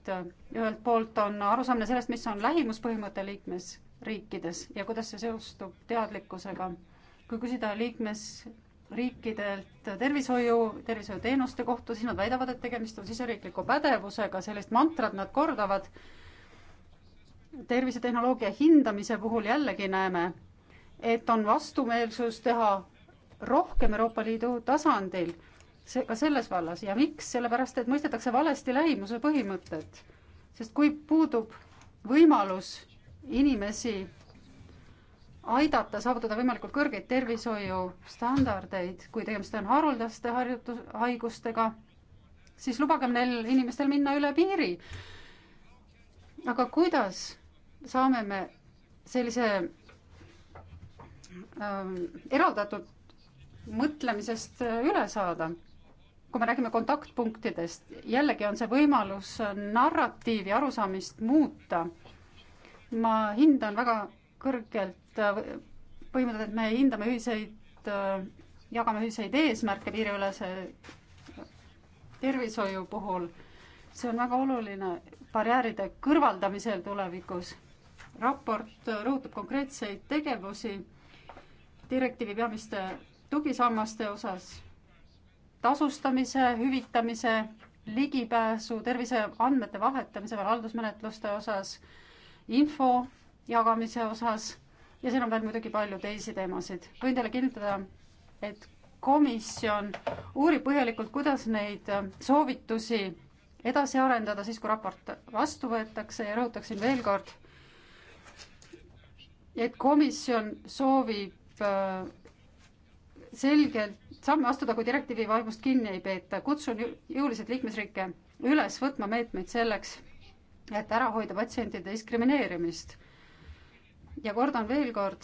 ühelt poolt on arusaamine sellest, mis on lähimuspõhimõte liikmesriikides ja kuidas see seostub teadlikkusega. kui küsida liikmesriikidelt tervishoiu, tervishoiuteenuste kohta, siis nad väidavad, et tegemist on siseriikliku pädevusega, sellist mantrat nad kordavad tervisetehnoloogia hindamise puhul jällegi näeme, et on vastumeelsus teha rohkem Euroopa Liidu tasandil, see ka selles vallas ja miks, sellepärast et mõistetakse valesti lähimuse põhimõtet. sest kui puudub võimalus inimesi aidata saavutada võimalikult kõrgeid tervishoiustandardeid, kui tegemist on haruldaste harjutus, haigustega, siis lubagem neil inimestel minna üle piiri. aga kuidas saame me sellise Äh, eraldatud mõtlemisest äh, üle saada. kui me räägime kontaktpunktidest, jällegi on see võimalus äh, narratiivi arusaamist muuta. ma hindan väga kõrgelt põhimõtet, et me hindame ühiseid, jagame ühiseid eesmärke piiriülese tervishoiu puhul. see on väga oluline barjääride kõrvaldamisel tulevikus. raport rõhutab konkreetseid tegevusi direktiivi peamiste tugisammaste osas tasustamise, hüvitamise, ligipääsu terviseandmete vahetamise veel haldusmenetluste osas, info jagamise osas ja siin on veel muidugi palju teisi teemasid. võin teile kinnitada, et komisjon uurib põhjalikult, kuidas neid soovitusi edasi arendada siis, kui raport vastu võetakse ja rõhutaksin veel kord, et komisjon soovib Äh, selgelt samme astuda, kui direktiivi vaimust kinni ei peeta. kutsun jõuliselt liikmesriike üles võtma meetmeid selleks, et ära hoida patsientide diskrimineerimist. ja kordan veel kord,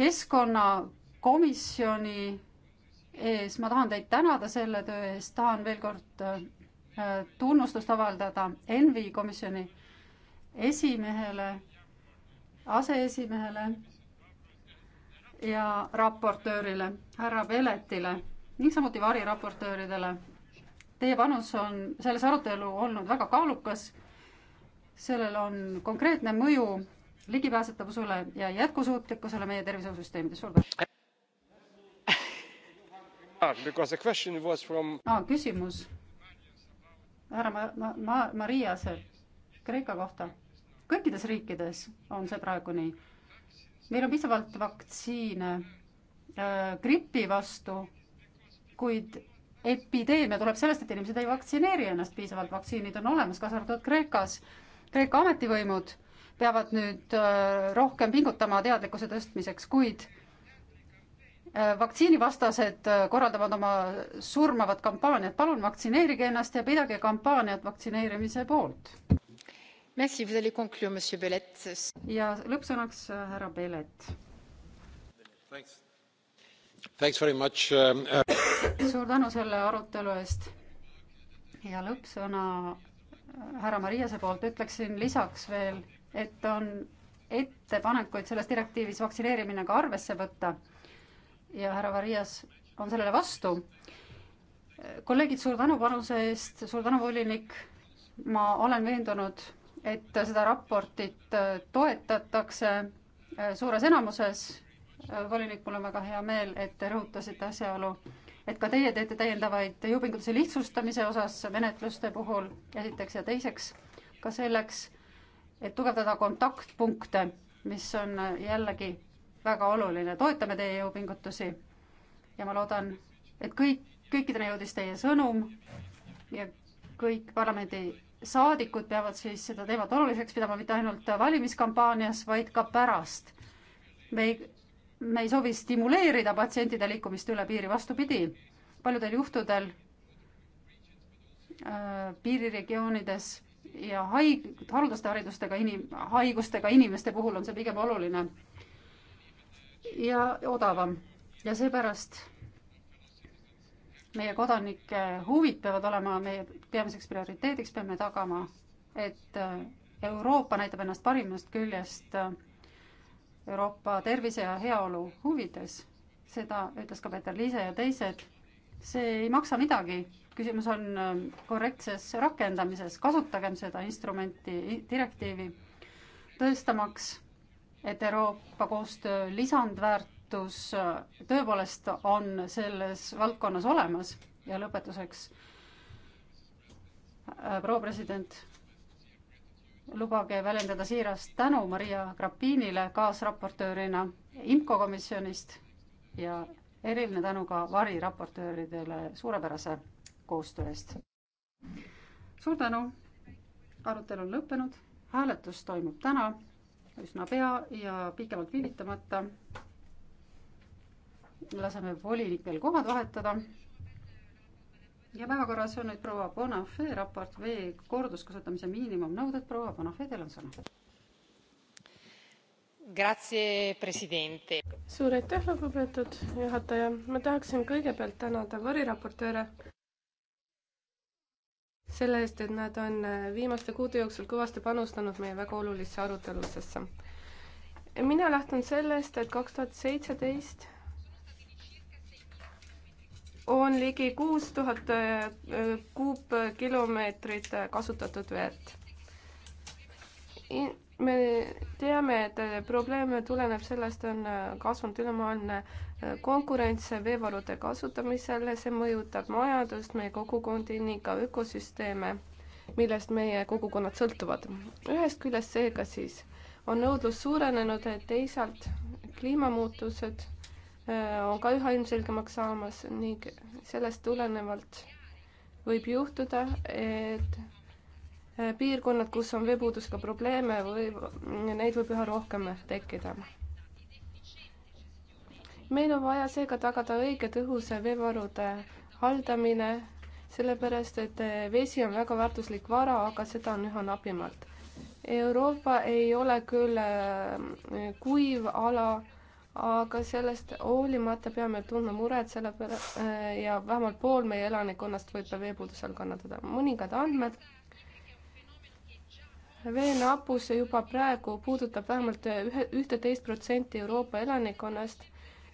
keskkonnakomisjoni ees ma tahan teid tänada selle töö eest, tahan veel kord äh, tunnustust avaldada Envi komisjoni esimehele, aseesimehele ja raportöörile, härra Veletile ning samuti variraportööridele. Teie panus on selles arutelu olnud väga kaalukas. sellel on konkreetne mõju ligipääsetavusele ja jätkusuutlikkusele meie tervishoiusüsteemides. suur tänu. Ah, from... Ah, küsimus härra ma-, ma-, ma-, Mariase Kreeka kohta. kõikides riikides on see praegu nii meil on piisavalt vaktsiine äh, gripi vastu, kuid epideemia tuleb sellest, et inimesed ei vaktsineeri ennast piisavalt, vaktsiinid on olemas, kaasa arvatud Kreekas. Kreeka ametivõimud peavad nüüd äh, rohkem pingutama teadlikkuse tõstmiseks, kuid äh, vaktsiinivastased korraldavad oma surmavat kampaaniat, palun vaktsineerige ennast ja pidage kampaaniat vaktsineerimise poolt ja lõppsõnaks äh, härra Belet. Um, uh, suur tänu selle arutelu eest ja lõppsõna äh, härra Mariase poolt ütleksin lisaks veel, et on ettepanekuid selles direktiivis vaktsineerimine ka arvesse võtta. ja härra Marias on sellele vastu. kolleegid, suur tänu panuse eest, suur tänu, volinik. ma olen veendunud et seda raportit äh, toetatakse äh, suures enamuses. Äh, volinik, mul on väga hea meel, et te rõhutasite asjaolu, et ka teie teete täiendavaid jõupingutusi lihtsustamise osas menetluste puhul, esiteks, ja teiseks ka selleks, et tugevdada kontaktpunkte, mis on jällegi väga oluline, toetame teie jõupingutusi. ja ma loodan, et kõik, kõikidele jõudis teie sõnum ja kõik parlamendi saadikud peavad siis seda teemat oluliseks pidama mitte ainult valimiskampaanias, vaid ka pärast. me ei, me ei soovi stimuleerida patsientide liikumist üle piiri, vastupidi, paljudel juhtudel äh, piiriregioonides ja haig-, haruldaste haridustega inim-, haigustega inimeste puhul on see pigem oluline ja odavam ja seepärast meie kodanike huvid peavad olema meie peamiseks prioriteediks, peame tagama, et äh, Euroopa näitab ennast parimast küljest äh, Euroopa tervise ja heaolu huvides. seda ütles ka Peeter Liise ja teised. see ei maksa midagi, küsimus on äh, korrektses rakendamises, kasutagem seda instrumenti, direktiivi, tõestamaks, et Euroopa koostöö lisandväärt toetus äh, tõepoolest on selles valdkonnas olemas ja lõpetuseks, äh, proua president, lubage väljendada siirast tänu Maria Grapinile kaasraportöörina IMCO komisjonist ja eriline tänu ka variraportööridele suurepärase koostöö eest. suur tänu, arutelu on lõppenud, hääletus toimub täna üsna pea ja pikemalt viivitamata laseme volinikel kohad vahetada. ja päevakorras on nüüd proua Bonafé raport vee korduskasutamise miinimumnõuded. proua Bonafé, teil on sõna. Grazie, president. suur aitäh, lugupeetud juhataja. ma tahaksin kõigepealt tänada variraportööre selle eest, et nad on viimaste kuude jooksul kõvasti panustanud meie väga olulisse arutelusesse. mina lähtun sellest, et kaks tuhat seitseteist on ligi kuus tuhat äh, kuupkilomeetrit kasutatud vett. me teame, et probleem tuleneb sellest, on kasvanud ülemaailmne äh, konkurents veevarude kasutamisel, see mõjutab majandust, meie kogukondi ning ka ökosüsteeme, millest meie kogukonnad sõltuvad. ühest küljest seega siis on nõudlus suurenenud, teisalt kliimamuutused Äh, on ka üha ilmselgemaks saamas ning sellest tulenevalt võib juhtuda, et äh, piirkonnad, kus on veepuudusega probleeme või neid võib üha rohkem tekkida. meil on vaja seega tagada õige tõhusa veevarude haldamine, sellepärast et äh, vesi on väga väärtuslik vara, aga seda on üha napimalt. Euroopa ei ole küll kuiv ala aga sellest hoolimata peame tundma muret selle peale äh, ja vähemalt pool meie elanikkonnast võib veepuuduse all kannatada. mõningad andmed veenappus juba praegu puudutab vähemalt ühe, ühteteist protsenti Euroopa elanikkonnast,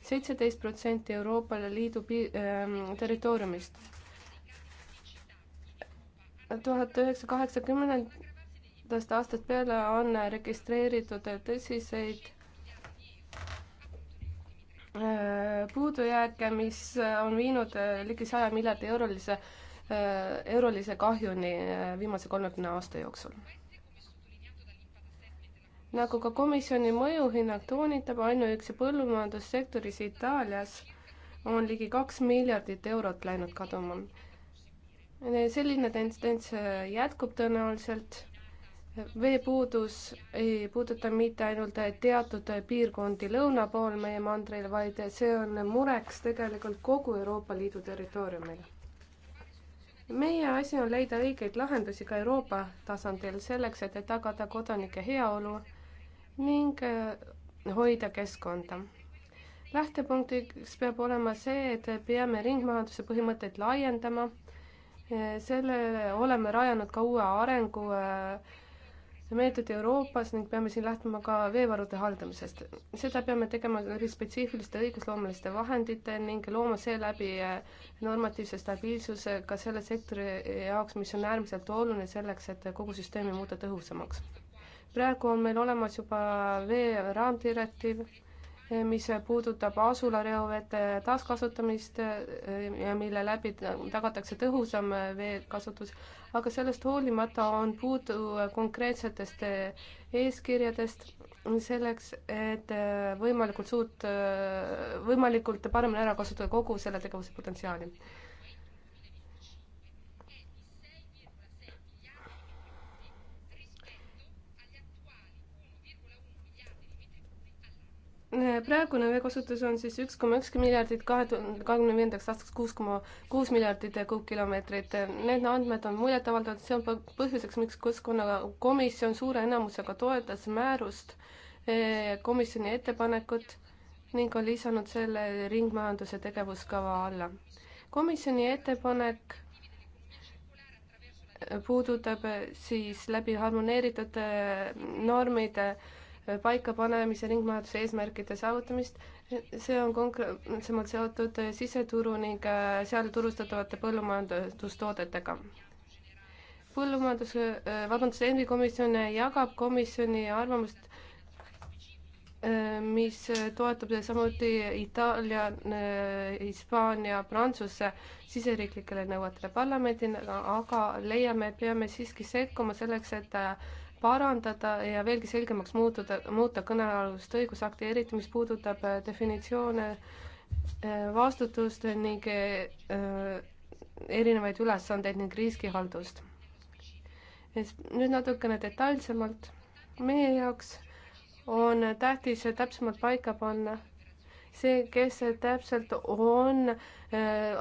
seitseteist protsenti Euroopa Liidu pi- äh,, territooriumist. tuhat üheksasaja kaheksakümnendast aastast peale on registreeritud tõsiseid Äh, puudujääke, mis äh, on viinud äh, ligi saja miljardi eurolise, eurolise kahjuni viimase kolmekümne aasta jooksul. nagu ka komisjoni mõjuhinnang toonitab, ainuüksi põllumajandussektoris Itaalias on ligi kaks miljardit eurot läinud kaduma. selline tendents jätkub tõenäoliselt veepuudus ei puuduta mitte ainult teatud piirkondi lõuna pool meie mandril, vaid see on mureks tegelikult kogu Euroopa Liidu territooriumil. meie asi on leida õigeid lahendusi ka Euroopa tasandil selleks, et tagada kodanike heaolu ning eh, hoida keskkonda. lähtepunktiks peab olema see, et peame ringmajanduse põhimõtteid laiendama. Eh, selle oleme rajanud ka uue arengu äh, meetod Euroopas ning peame siin lähtuma ka veevarude haldamisest. seda peame tegema läbi spetsiifiliste õigusloomeliste vahendite ning looma seeläbi eh, normatiivse stabiilsuse ka selle sektori jaoks, mis on äärmiselt oluline selleks, et kogu süsteemi muuta tõhusamaks. praegu on meil olemas juba vee raamdirektiiv mis puudutab asulareovete taaskasutamist eh, ja mille läbi tagatakse tõhusam veekasutus, aga sellest hoolimata on puudu konkreetsetest eh, eeskirjadest selleks, et eh, võimalikult suurt, võimalikult paremini ära kasutada kogu selle tegevuse potentsiaali praegune veekasutus on siis üks koma üks miljardit kahe tuhande kahekümne viiendaks aastaks kuus koma kuus miljardit kuupkilomeetrit. Need andmed on muljetavaldavad, see on põhjuseks, miks keskkonnakomisjon suure enamusega toetas määrust, eh, komisjoni ettepanekut ning on lisanud selle ringmajanduse tegevuskava alla. komisjoni ettepanek puudutab eh, siis läbi harmoneeritud eh, normide äh, paikapanemise ning majanduse eesmärkide saavutamist. see on konkreetsemalt seotud siseturu ning äh, seal turustatavate põllumajandustoodetega. põllumajandus, äh, vabandust, ENVI komisjon jagab komisjoni arvamust, äh, mis toetub samuti Itaalia, Hispaania, Prantsuse siseriiklikele nõuetele parlamendina, aga leiame, et peame siiski sekkuma selleks, et parandada ja veelgi selgemaks muutuda, muuta kõnealust õigusakti, eriti mis puudutab äh, definitsioone, äh, vastutust ning äh, erinevaid ülesandeid ning riskihaldust. nüüd natukene detailsemalt. meie jaoks on tähtis täpsemalt paika panna see, kes täpselt on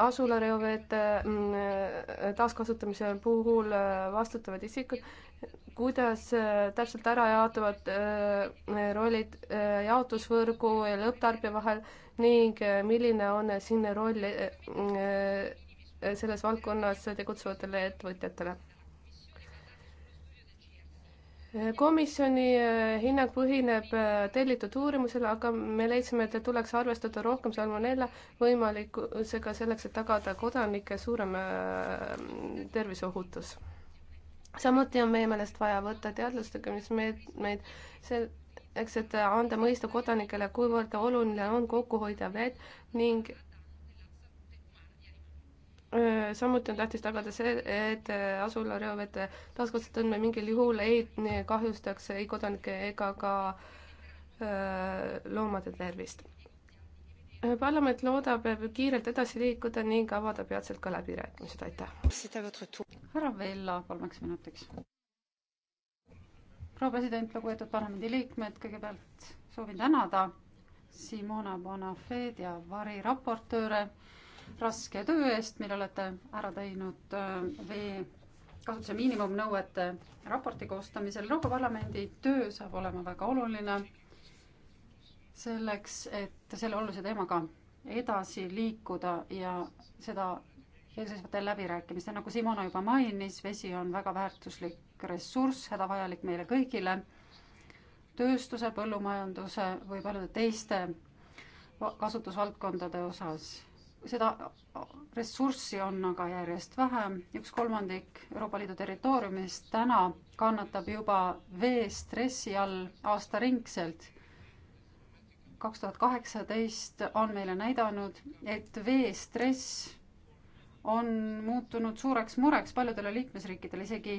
asulareoveete mm, taaskasutamise puhul vastutavad isikud kuidas äh, täpselt ära jaotuvad äh, rollid äh, jaotusvõrgu ja lõpptarbija vahel ning milline on siin roll selles valdkonnas tegutsevatele ettevõtjatele. komisjoni hinnang põhineb tellitud uurimusele, aga me leidsime, et tuleks arvestada rohkem salmonella võimalikkusega selleks, et tagada kodanike suurem terviseohutus samuti on meie meelest vaja võtta teadvustamismeetmeid selleks, et anda mõista kodanikele, kuivõrd oluline on kokku hoida vett ning samuti on tähtis tagada see, et asula reovete taaskasutamine mingil juhul ei kahjustaks ei kodanike ega ka öö, loomade tervist parlament loodab kiirelt edasi liikuda ning avada peatselt ka läbirääkimised, aitäh. härra Vella kolmeks minutiks. proua president, lugupeetud parlamendiliikmed, kõigepealt soovin tänada Simona Bonafed ja Vari raportööre raske töö eest, mille olete ära teinud äh, vee kasutuse miinimumnõuete raporti koostamisel. Euroopa Parlamendi töö saab olema väga oluline selleks, et selle olulise teemaga edasi liikuda ja seda eelseisvatel läbirääkimistel, nagu Simona juba mainis, vesi on väga väärtuslik ressurss, hädavajalik meile kõigile, tööstuse, põllumajanduse või paljude teiste kasutusvaldkondade osas. seda ressurssi on aga järjest vähem, üks kolmandik Euroopa Liidu territooriumist täna kannatab juba veestressi all aastaringselt kaks tuhat kaheksateist on meile näidanud, et veestress on muutunud suureks mureks paljudele liikmesriikidele, isegi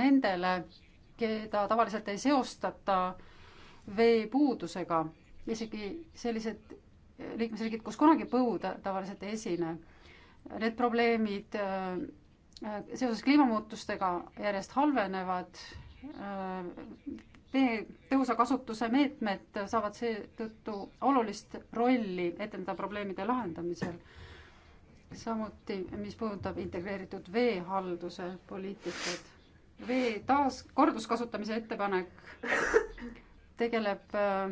nendele, keda tavaliselt ei seostata veepuudusega. isegi sellised liikmesriigid, kus kunagi põud tavaliselt ei esine. Need probleemid äh, äh, seoses kliimamuutustega järjest halvenevad äh, vee tõhusa kasutuse meetmed saavad seetõttu olulist rolli etendada probleemide lahendamisel. samuti, mis puudutab integreeritud veehalduse poliitikat. vee taas, korduskasutamise ettepanek tegeleb äh,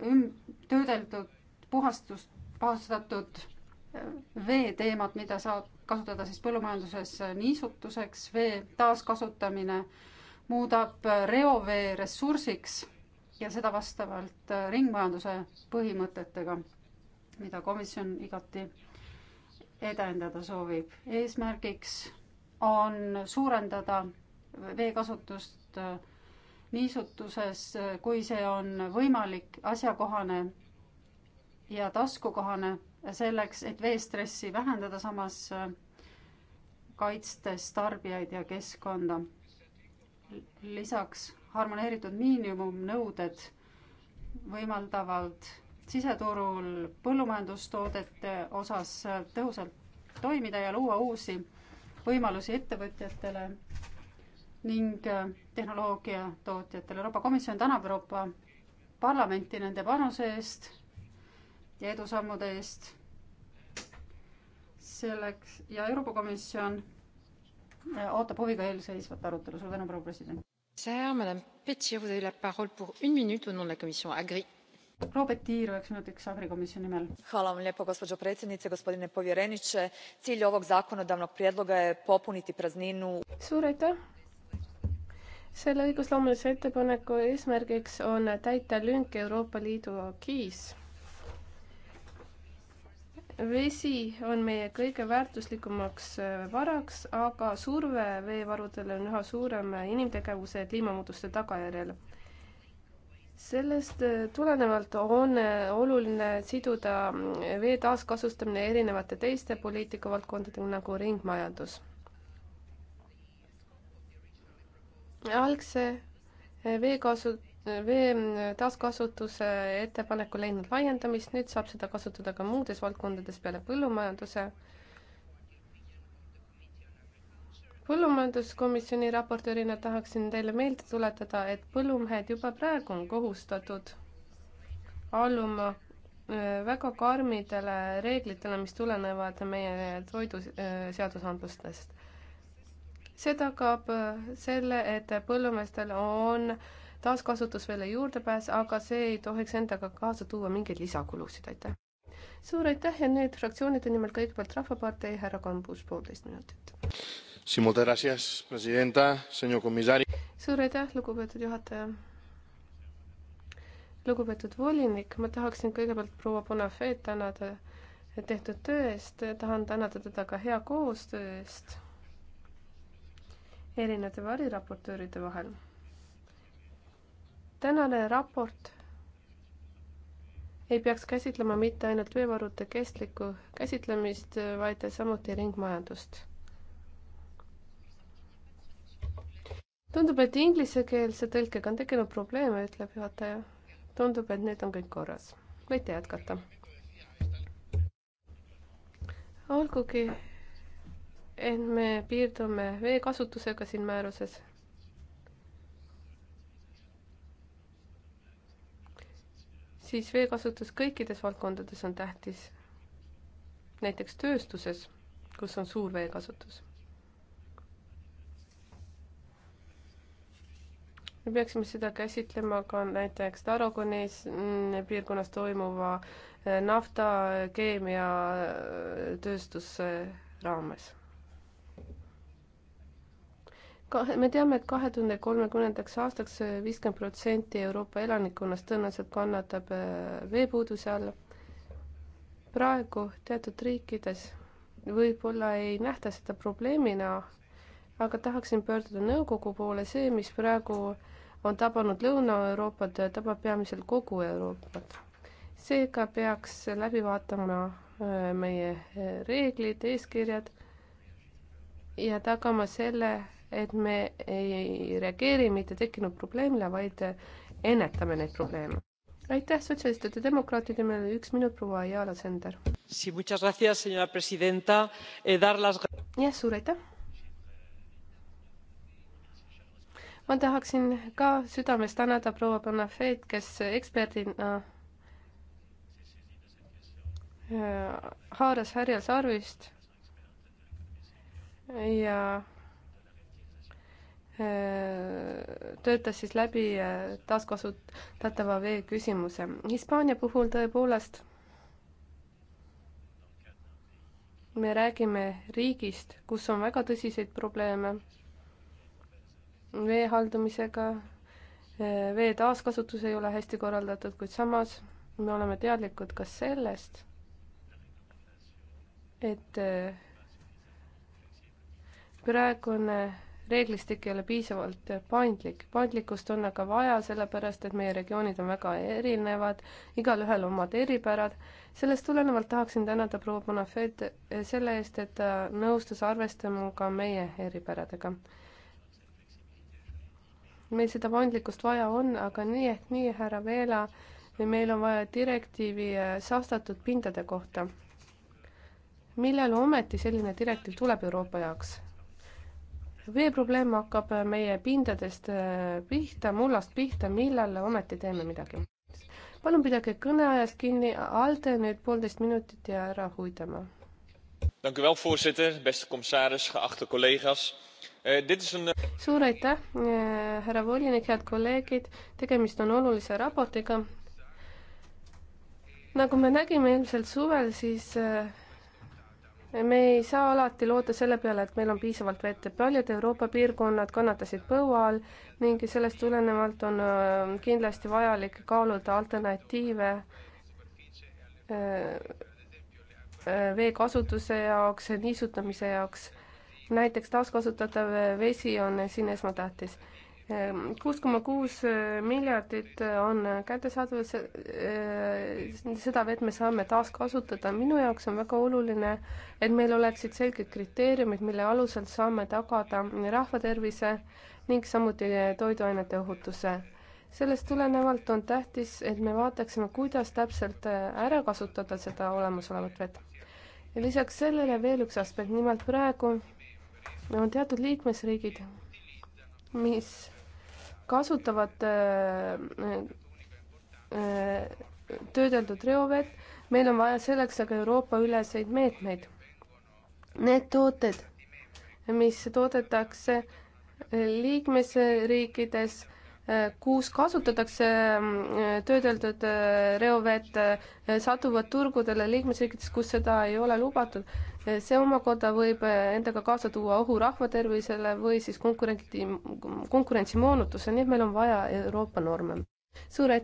üm-, töödeldud, puhastust, puhastatud äh, vee teemat, mida saab kasutada siis põllumajanduses niisutuseks, vee taaskasutamine äh, muudab reovee ressursiks ja seda vastavalt äh, ringmajanduse põhimõtetega, mida komisjon igati edendada soovib. eesmärgiks on suurendada veekasutust äh, niisutuses, äh, kui see on võimalik, asjakohane ja taskukohane selleks, et veestressi vähendada, samas kaitstes tarbijaid ja keskkonda lisaks harmoneeritud miinimumnõuded võimaldavad siseturul põllumajandustoodete osas tõhusalt toimida ja luua uusi võimalusi ettevõtjatele ning tehnoloogia tootjatele. Euroopa Komisjon tänab Euroopa Parlamenti nende panuse eest ja edusammude eest. selleks ja Euroopa Komisjon ootab huviga eelseisvat arutelu. suur tänu, proua president. proua Petir üheks minutiks Agri komisjoni nimel. gospođo predsjednice, gospodine povjereniče, cilj ovog zakonodavnog prijedloga je popuniti prazninu. suur aitäh selle õigusloomelise ettepaneku eesmärgiks on täita lünk Euroopa Liidu akiis vesi on meie kõige väärtuslikumaks äh, varaks, aga surve veevarudele on üha suurem inimtegevuse ja kliimamuutuste tagajärjel. sellest äh, tulenevalt on äh, oluline siduda mm, vee taaskasutamine erinevate teiste poliitikavaldkondadega nagu ringmajandus. algse veekasu-, vee taaskasutuse ettepaneku leidnud laiendamist, nüüd saab seda kasutada ka muudes valdkondades peale põllumajanduse. põllumajanduskomisjoni raportöörina tahaksin teile meelde tuletada, et põllumehed juba praegu on kohustatud alluma äh, väga karmidele reeglitele, mis tulenevad meie toiduseadusandlustest. Äh, see tagab äh, selle, et põllumeestel on äh, taaskasutusvele juurdepääs, aga see ei tohiks endaga kaasa tuua mingeid lisakulusid, aitäh. suur aitäh ja nüüd fraktsioonide nimel kõigepealt Rahvapartei härra Kambus, poolteist minutit. suur aitäh, lugupeetud juhataja. lugupeetud volinik, ma tahaksin kõigepealt proua Bonafeed tänada tehtud töö eest, tahan tänada teda ka hea koostöö eest erinevate variraportööride vahel tänane raport ei peaks käsitlema mitte ainult veevarude kestlikku käsitlemist, vaid samuti ringmajandust. tundub, et inglisekeelse tõlkega on tekkinud probleeme, ütleb juhataja. tundub, et nüüd on kõik korras. võite jätkata. olgugi, et me piirdume veekasutusega siin määruses siis veekasutus kõikides valdkondades on tähtis. näiteks tööstuses, kus on suur veekasutus. me peaksime seda käsitlema ka näiteks Tarogonis mm, piirkonnas toimuva eh, nafta, keemia eh, tööstuse raames kahe, me teame, et kahe tuhande kolmekümnendaks aastaks viiskümmend protsenti Euroopa elanikkonnast tõenäoliselt kannatab äh, veepuuduse all. praegu teatud riikides võib-olla ei nähta seda probleemina, aga tahaksin pöörduda nõukogu poole, see, mis praegu on tabanud Lõuna-Euroopat, tabab peamiselt kogu Euroopat. seega peaks läbi vaatama äh, meie äh, reeglid, eeskirjad ja tagama selle, et me ei reageeri mitte tekkinud probleemile, vaid ennetame neid probleeme. aitäh, sotsialistide demokraatide nimel üks minut, proua Ayala Sender. Eh, jah, suur aitäh. ma tahaksin ka südamest tänada proua Bonafeed, kes eksperdina äh, haaras härjal sarvist ja töötas siis läbi taaskasutatava vee küsimuse. Hispaania puhul tõepoolest me räägime riigist, kus on väga tõsiseid probleeme vee haldamisega, vee taaskasutus ei ole hästi korraldatud, kuid samas me oleme teadlikud ka sellest, et praegune reeglistik ei ole piisavalt paindlik. paindlikkust on aga vaja, sellepärast et meie regioonid on väga erinevad, igalühel omad eripärad. sellest tulenevalt tahaksin tänada proua Bonafed selle eest, et ta nõustus arvestama ka meie eripäradega meil seda paindlikkust vaja on, aga nii ehk nii, härra Veela, meil on vaja direktiivi äh, saastatud pindade kohta. millal ometi selline direktiiv tuleb Euroopa jaoks? veeprobleem hakkab meie pindadest äh, pihta, mullast pihta, millal ometi teeme midagi? palun pidage kõneajast kinni, Alde nüüd poolteist minutit ja ära huidama. Eh, eh, suur aitäh, eh, härra volinik, head kolleegid, tegemist on olulise raportiga. nagu me nägime eelmisel suvel, siis äh, me ei saa alati loota selle peale, et meil on piisavalt vett. paljud Euroopa piirkonnad kannatasid põua all ning sellest tulenevalt on äh, kindlasti vajalik kaaluda alternatiive äh, äh, veekasutuse jaoks, niisutamise jaoks. näiteks taaskasutatav vesi on siin esmatähtis kuus koma kuus äh, miljardit äh, on kättesaadav, äh, seda vett me saame taaskasutada. minu jaoks on väga oluline, et meil oleksid selged kriteeriumid, mille alusel saame tagada rahvatervise ning samuti toiduainete ohutuse. sellest tulenevalt on tähtis, et me vaataksime, kuidas täpselt ära kasutada seda olemasolevat vett. ja lisaks sellele veel üks aspekt, nimelt praegu on teatud liikmesriigid, mis kasutavad äh, äh, äh, töödeldud reovett, meil on vaja selleks aga Euroopa-üleseid meetmeid. Need tooted, mis toodetakse liikmesriikides, kus kasutatakse mm, töödeldud reovett, satuvad turgudele liikmesriikides, kus seda ei ole lubatud see omakorda võib äh, endaga kaasa tuua ohu rahvatervisele või siis konkurenti, konkurentsimoonutuse, nii et meil on vaja Euroopa norme. suur aitäh!